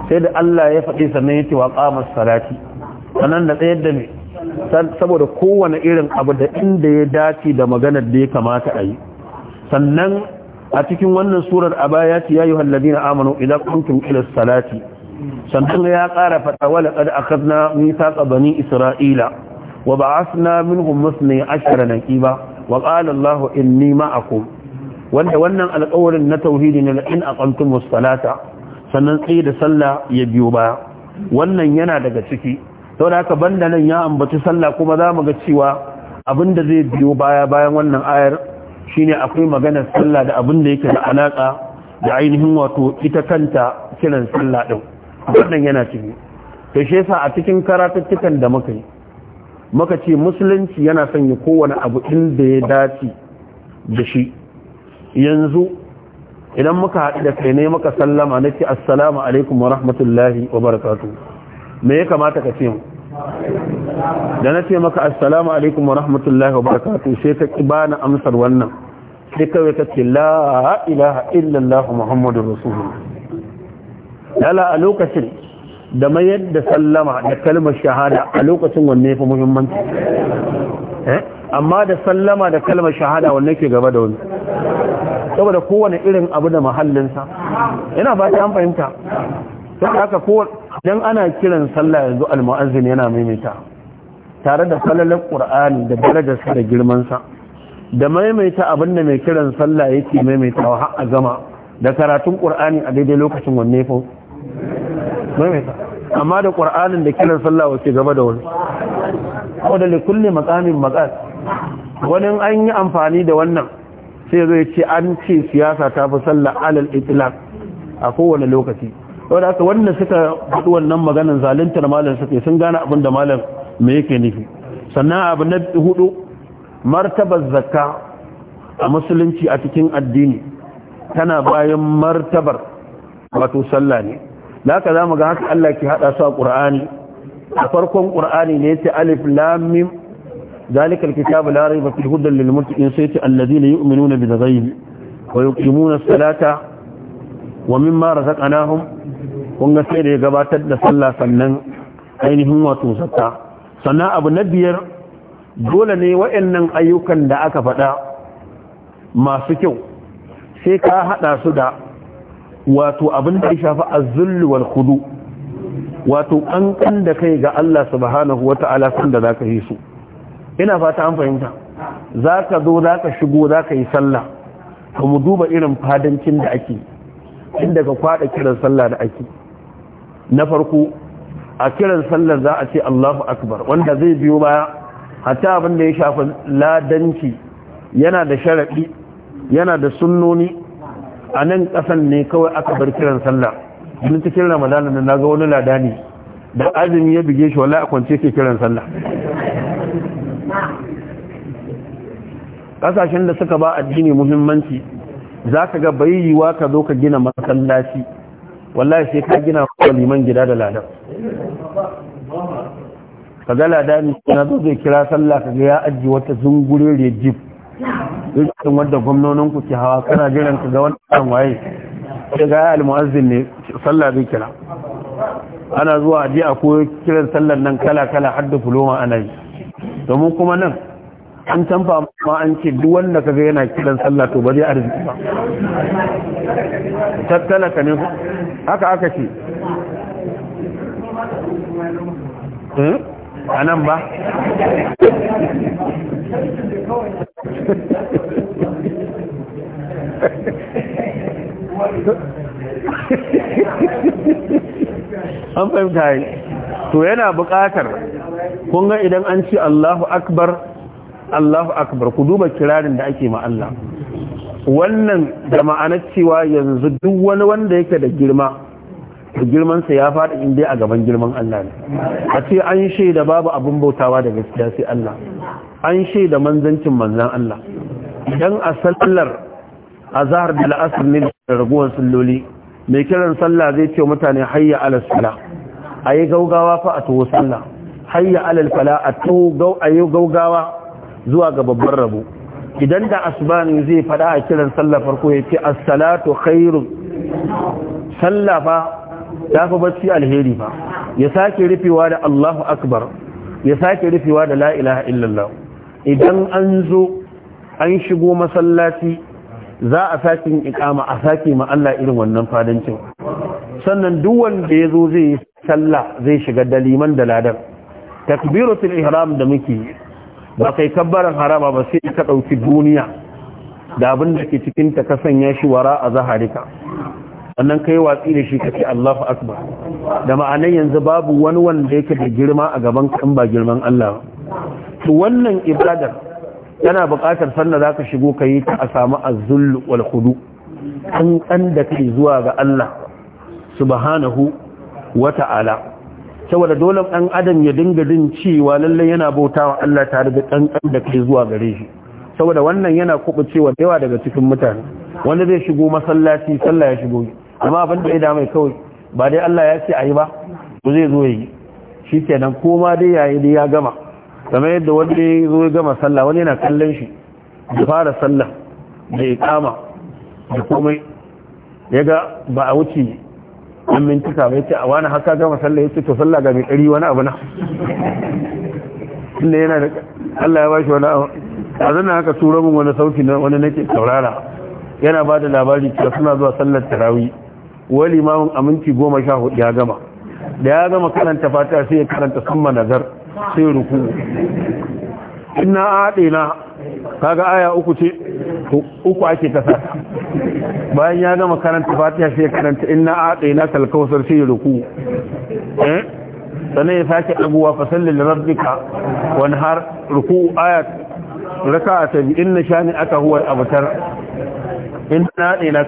sai da Allah ya faɗi sannan yace wa qamas salati sannan da tsayar da me saboda kowane irin abu da inda ya dace da maganar da ya kamata a yi sannan a cikin wannan surar a baya ce ya yi halladina amanu idan kuntum ila salati sannan ya ƙara faɗa wa laqad akhadna mithaqa bani isra'ila wa ba'athna minhum musni ashara naqiba wa qala allah inni ma'akum wanda wannan alƙawarin na tauhidi ne in aqamtumus musallata sannan tsayi da sallah ya biyo baya wannan yana daga ciki saboda haka banda nan ya ambaci sallah kuma za mu ga cewa abinda zai biyo baya bayan wannan ayar shine akwai maganar sallah da abinda yake da alaka da ainihin wato ita kanta kiran sallah din wannan yana ciki to shi yasa a cikin karatuttukan da muka yi muka ce musulunci yana son ya kowane abu inda ya dace da shi yanzu idan muka haɗu da kai ne maka sallama na ce assalamu alaikum wa rahmatullahi wa barakatu me ya kamata ka ce mu da na ce maka assalamu alaikum wa rahmatullahi wa barakatu sai ka ki bani amsar wannan sai kawai ka ce la ilaha illallah muhammadur rasulullah yala a lokacin da mayar da sallama da kalmar shahada a lokacin wanne ya fi muhimmanci eh? amma da sallama da kalmar shahada wanne ke gaba da wani saboda kowane irin abu da mahallinsa yana ba ta an fahimta sai haka ko dan ana kiran sallah yanzu almuazzin yana maimaita tare da salalar qur'ani da darajar sa da girman sa da maimaita abin da mai kiran sallah yake maimaitawa har a gama da karatun qur'ani a daidai lokacin wanne fa maimaita amma da qur'anin da kiran sallah wace gaba da wani ko da likulli maqamin maqal wani an yi amfani da wannan sai zai ce an ce siyasa ta fi sallah alal itilaf a kowane lokaci wadda aka wannan suka faɗi wannan maganar zaluntar malam suke sun gane abin da malam mai yake nufi sannan abu na hudu martabar zakka a musulunci a cikin addini tana bayan martabar wato sallah ne da aka za mu ga haka Allah ke haɗa su a ƙur'ani a farkon ƙur'ani ne ya ce alif lamim ذلك الكتاب لا ريب فيه هدى للمتقين سيتي الذين يؤمنون بالغيب ويقيمون الصلاة ومما رزقناهم kun sai da ya gabatar da sallah sannan ainihin wato zakka sannan abu na biyar dole ne waɗannan ayyukan da aka faɗa masu kyau sai ka haɗa su da wato abin da ya shafi azzullu wal kudu wato kankan da kai ga Allah subhanahu wata'ala za zaka yi su ina fata an fahimta za ka zo za ka shigo za ka yi sallah ka mu duba irin fadancin da ake inda ka kwada kiran sallah da ake na farko a kiran sallar za a ce allahu akbar wanda zai biyo baya hatta abin da ya shafi ladanci yana da sharaɗi yana da sunnoni a nan ƙasan ne kawai aka bar kiran sallah duk cikin ramadana na ga wani ladani da azumi ya bige shi wala a kwance ke kiran sallah kasashen da suka ba addini muhimmanci za ka ga bayiwa ka zo ka gina masallaci wallahi sai ka gina liman gida da ladan ka ga ladani na zo zai kira sallah ka ga ya aji wata zungure rejib irin wadda gwamnonin ku ke hawa kana jiran ka ga wannan waye sai ga almuazzin ne sallah zai kira ana zuwa ji a koyo kiran sallar nan kala kala har da fuloma ana yi domin kuma nan an tamfa ma an ce duk wanda ka ga yana kiran sallah to bari arziki ba tattala ka ne haka aka ce hmm? a nan ba an fahimta yi to yana buƙatar kunga idan an ce allahu akbar Allahu akbar ku duba kirarin da ake ma wannan da ma'anar cewa yanzu duk wani wanda yake da girma da girmansa ya faɗi in dai a gaban girman Allah ne a ce an shaida babu abin bautawa da gaskiya sai Allah an shaida manzancin manzan Allah idan a sallar a zahar da la'asar ne da raguwar salloli mai kiran sallah zai ce mutane hayya ala A ayi gaugawa fa a tuwo sallah hayya ala fala a taho gaugawa zuwa ga babban rabo idan da asbani zai fada a kiran sallah farko ya ce as-salatu khairun sallah fa fi bacci alheri fa ya sake rufewa da Allahu akbar ya sake rufewa da la ilaha illallah idan an zo an shigo masallaci za a sake ikama a sake ma Allah irin wannan fadancin sannan duk wanda ya zo zai sallah zai shiga daliman da ladan takbiratul ihram da muke ba kai kabbaran haraba ba sai ka ɗauki duniya da abin da ke cikin ta ka sanya shi wara a zaharika wannan kai watsi da shi kace Allahu akbar da ma'anan yanzu babu wani wanda yake da girma a gaban kan ba girman Allah ba. to wannan ibadar yana buƙatar za ka shigo kai ta a samu azzul wal khudu an kan da kai zuwa ga Allah subhanahu wa ta'ala saboda dole ɗan adam ya dinga din cewa lallai yana bauta wa Allah tare da ɗan da kai zuwa gare shi saboda wannan yana kubucewa da yawa daga cikin mutane wanda zai shigo masallaci sallah ya shigo amma abin da ya mai kawai ba dai Allah ya ce ayi ba ko zai zo yi kenan ko ma dai yayi dai ya gama kamar yadda wanda ya zo ya gama sallah wani yana kallon shi da fara sallah da kama da komai ga ba a wuce an bincika bai ce a wani haka gama sallah ya ce to sallah ga mai ɗari wani abu na inda yana da Allah ya ba shi wani abu a zana haka tura mun wani sauti na wani nake saurara yana ba da labari cewa suna zuwa sallar tarawi wani limamin aminci goma sha hudu ya gama da ya gama karanta fata sai ya karanta samma nazar sai ruku inna adina kaga aya uku ce uku ake kasa bayan ya gama karanta fatiha sai karanta inna a'tayna kal sai ruku eh ya sake dagowa fa sallil rabbika wanhar ruku ayat raka'a inna shani aka huwa abtar inna a'tayna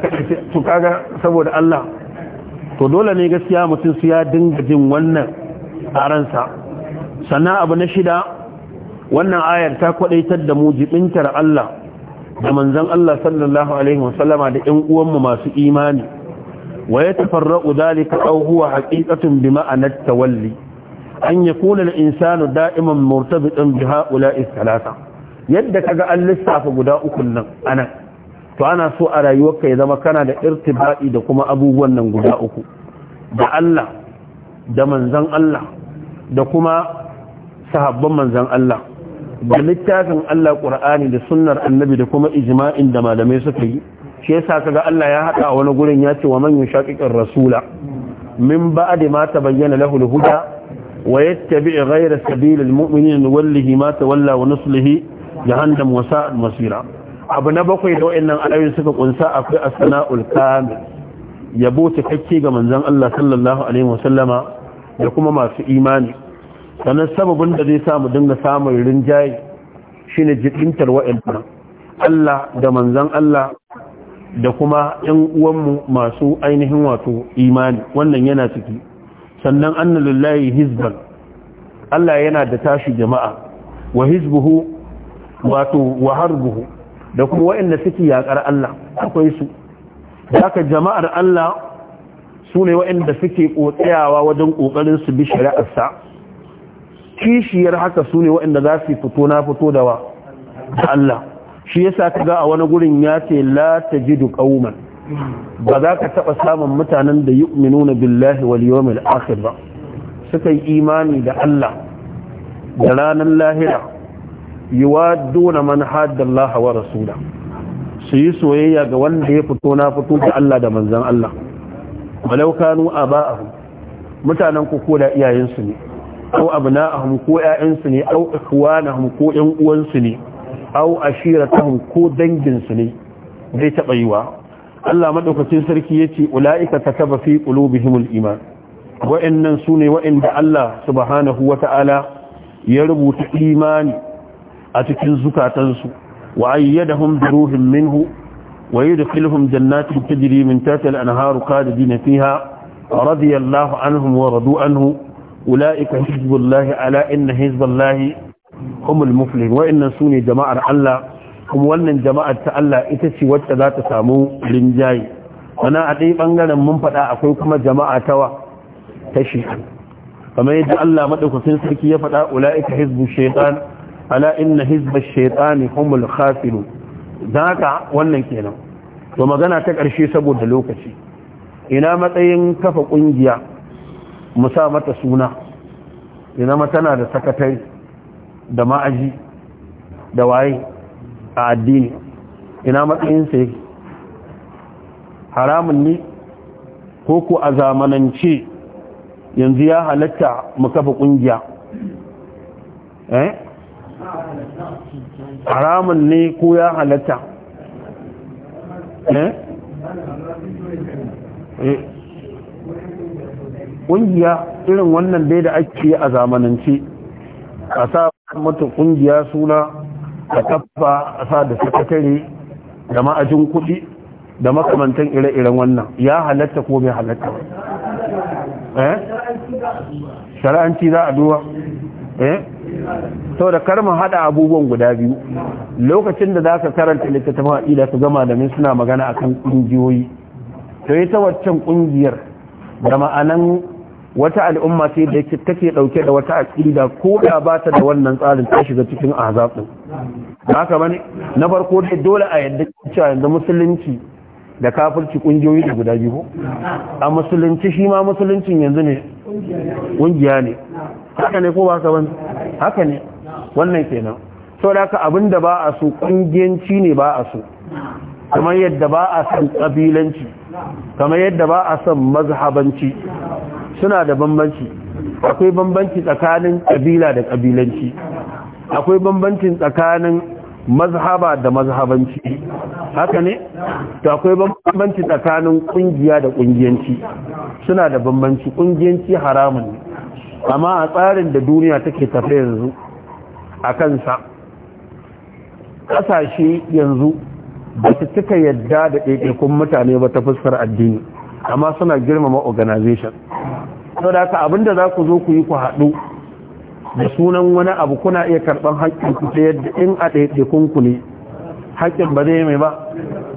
to kaga saboda Allah to dole ne gaskiya mutum su ya dinga jin wannan a ransa sannan abu na shida wannan ayar ta kwadaitar da mu jibintar Allah da manzon Allah sallallahu alaihi wasallama da ƴan uwanmu masu imani wa yatafarra'u dhalika aw haƙiƙatun haqiqatun bi ma'anat tawalli an yakuna al-insanu da'iman murtabitan bi ha'ula'i thalatha yadda kaga an lissafa guda ukun nan anan to ana so a rayuwarka ya zama kana da irtibaɗi da kuma abubuwan nan guda uku da Allah da manzan Allah da kuma sahabban manzon Allah da littafin Allah Qur'ani da sunnar annabi da kuma ijma'in da malamai suka yi shi yasa kaga Allah ya hada wani gurin ya ce wa man yushaqiqir rasula min ba'di ma tabayyana lahu al-huda wa yattabi' ghayra sabilil mu'minin wallahi ma tawalla wa nuslihi jahannam wa sa'at masira abu na bakwai da wayannan alayoyin suka kunsa akwai as-sana'ul kamil yabo cikakke ga manzon Allah sallallahu alaihi sallama da kuma masu imani sannan sababin da zai samu dinga samun rinjaye shi ne jikintar wa'annan Allah da manzan Allah da kuma ‘yan uwanmu masu ainihin wato imani wannan yana ciki sannan anna lullahi Allah yana da tashi jama'a wa hizbuhu wato wa harbuhu da kuma waɗanda suke yaƙar Allah akwai su haka jama'ar Allah su ne waɗanda suke ƙotsayawa wajen ƙoƙarin su bi shari'arsa kishiyar haka su ne waɗanda za su fito na fito da wa Allah shi yasa ka ga a wani gurin ya ce la tajidu qauman ba za ka taɓa samun mutanen da yi nuna billahi wal yawmil akhir ba suka yi imani da Allah da ranar lahira dona man haddallaha wa rasula su yi soyayya ga wanda ya fito na fito da Allah da manzan Allah walau kanu aba'ahum mutanen ku ko da iyayensu ne aw abna'ahum ko ƴaƴansu ne aw ikhwanahum ko 'yan uwansu ne aw ashiratahum ko danginsu ne Zai taɓa yiwa Allah madaukakin sarki yace ulaika kataba fi qulubihimul iman wa'annan sune wa'anda Allah subhanahu wata'ala ya rubuta imani a cikin zukatansu wa ayyadahum bi ruhin minhu wa yudkhiluhum jannatin tajri min tahtiha al-anharu khalidina fiha radiyallahu anhum wa radu anhu أولئك حزب الله على إن حزب الله هم المفلح وإن سوني جماعة الله هم ولن جماعة الله إتسي وجه لا تسامو لنجاي أنا أتيب أنجل من فتاة أقول كما جماعة توا تشيئا فما يجعل الله مدعوك سنسكي يفتاة أولئك حزب الشيطان على إن حزب الشيطان هم الخاسرون ذاك ولن كينا وما قنا تكرشي سبو دلوكشي إنا متين كفا قنجيا mu sa mata suna ina zama tana da sakatai da ma'aji da waye a addini ina matsayinsa yake haramun ne ko ku a zamanance yanzu ya halatta mu kafa kungiya eh haramun ne ko ya halatta eh, eh? ƙungiya irin wannan dai da ake a zamanance a sa mata ƙungiya suna a kafa a sa da sakatare da ma'ajin kuɗi da makamantan ire-iren wannan ya halatta ko mai halatta eh shara'anci za a duwa eh sau da karma hada abubuwan guda biyu lokacin da za ka karanta littattafin haɗi su gama da min suna magana akan ƙungiyoyi to ta waccan ƙungiyar da ma'anan wata al'umma ce da take dauke da wata aqida ko da ba ta da wannan tsarin ta shiga cikin azab din haka bane na farko dai dole a yadda cewa yanzu musulunci da kafirci kungiyoyi da guda biyu a musulunci shi ma musuluncin yanzu ne kungiya ne haka ne ko ba ka bane haka ne wannan kenan sau da haka abinda ba a so kungiyanci ne ba a so kamar yadda ba a son kabilanci kamar yadda ba a son mazhabanci suna da bambanci akwai bambanci tsakanin kabila da kabilanci akwai bambancin tsakanin mazhaba da mazhabanci haka ne to akwai bambanci tsakanin ƙungiya da ƙungiyanci suna da bambanci ƙungiyanci haramun ne amma a tsarin da duniya take tafe yanzu a kansa ƙasashe yanzu ba su cika yadda da ɗaiɗaikun mutane ba ta fuskar addini amma suna girmama organization sau da haka abinda za ku zo ku yi ku haɗu da sunan wani abu kuna iya karɓar haƙƙin ku ta yadda in a ɗaiɗaikunku ne haƙƙin ba zai mai ba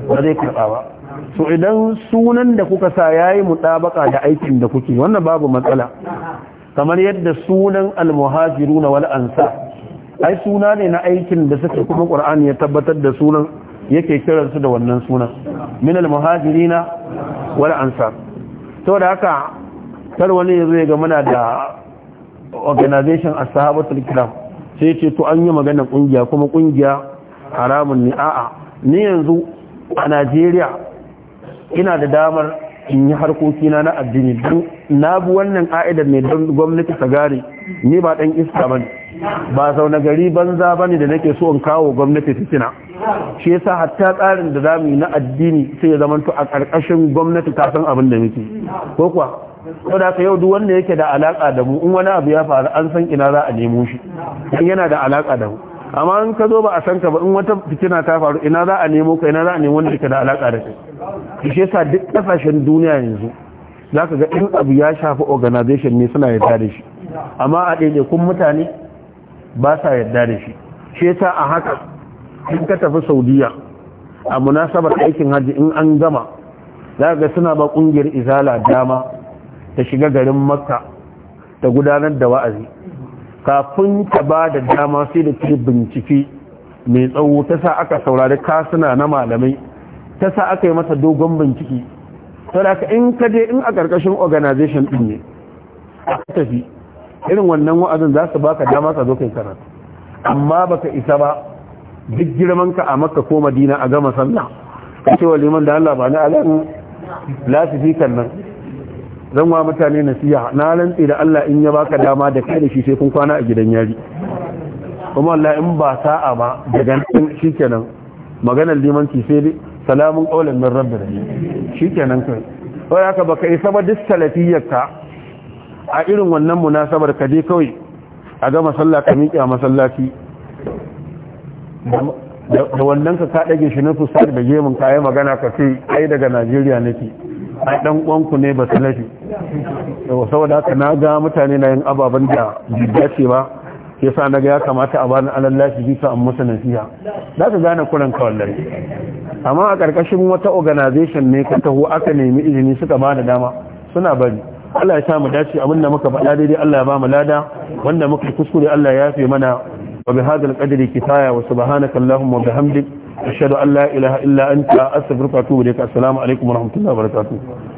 ba zai karɓa ba so idan sunan da kuka sa ya yi mutabaka da aikin da kuke wannan babu matsala kamar yadda sunan almuhajiru na wani ansa ai suna ne na aikin da suke kuma ƙwar'ani ya tabbatar da sunan yake kiransu da wannan sunan min al-muhajirina wal ansar saboda haka tar wani yazo ya ga muna da organization as-sahabatul kiram sai ce to an yi magana kungiya kuma kungiya haramun ni a'a ni yanzu a Najeriya ina da damar in yi harkokina na addini don na bi wannan ka'idar ne don gwamnati ta gare ni ba dan iska bane ba zaune gari banza ba ne da nake so in kawo gwamnati fitina shi yasa hatta tsarin da zamu yi na addini sai ya zamanto a ƙarƙashin gwamnati ta san abin da muke ko kuwa ko da yau duk wanda yake da alaka da mu in wani abu ya faru an san ina za a nemo shi in yana da alaka da mu amma in ka zo ba a san ka ba in wata fitina ta faru ina za a nemo ka ina za a nemo wanda yake da alaka da kai shi yasa duk kasashen duniya yanzu zaka ga in abu ya shafi organization ne suna yarda da shi amma a ɗaiɗaikun mutane ba sa yarda da shi shi yasa a haka in ka tafi saudiya a munasabar aikin hajji in an gama za ga suna ba kungiyar izala dama ta shiga garin makka ta gudanar da wa'azi kafin ta ba da dama sai da ke bincike mai tsawo ta sa aka saurari kasuna na malamai ta sa aka yi masa dogon bincike saboda in ka je in a ƙarƙashin organization ɗin ne a tafi irin wannan wa'azin za su baka dama ka zo kai karatu amma baka isa ba duk girman ka a makka ko madina a gama sallah kace wa liman da Allah ba na alan fi kannan. zan wa mutane nasiha na rantsi da Allah in ya baka dama da kai da shi sai kun kwana a gidan yari kuma Allah in ba sa'a ba daga nan shikenan maganar limanci sai dai salamun qawlan min rabbil alamin shikenan kai ka haka baka isa ba duk salafiyyarka a irin wannan munasabar ka je kawai a gama sallah ka miƙe a masallaci da wannan ka ka ɗage shi na fusa da gemun kayan magana ka ce ai daga najeriya nake a ɗan ƙwanku ne ba su Da wasu saboda ka na ga mutane na yin ababen da dace ba ya sa na ga ya kamata a bani lafi bisa an musu nasiha za ka gane kuran kawallari amma a ƙarƙashin wata organization ne ka taho aka nemi izini suka ba da dama suna bari Allah ya sa mu dace abin da muka faɗa daidai Allah ya ba mu lada wanda muka kuskure Allah ya yafe mana wa bi hadal qadri kifaya wa subhanaka allahumma wa bihamdik ashhadu an la ilaha illa anta astaghfiruka wa atubu ilaik assalamu alaikum wa rahmatullahi wa barakatuh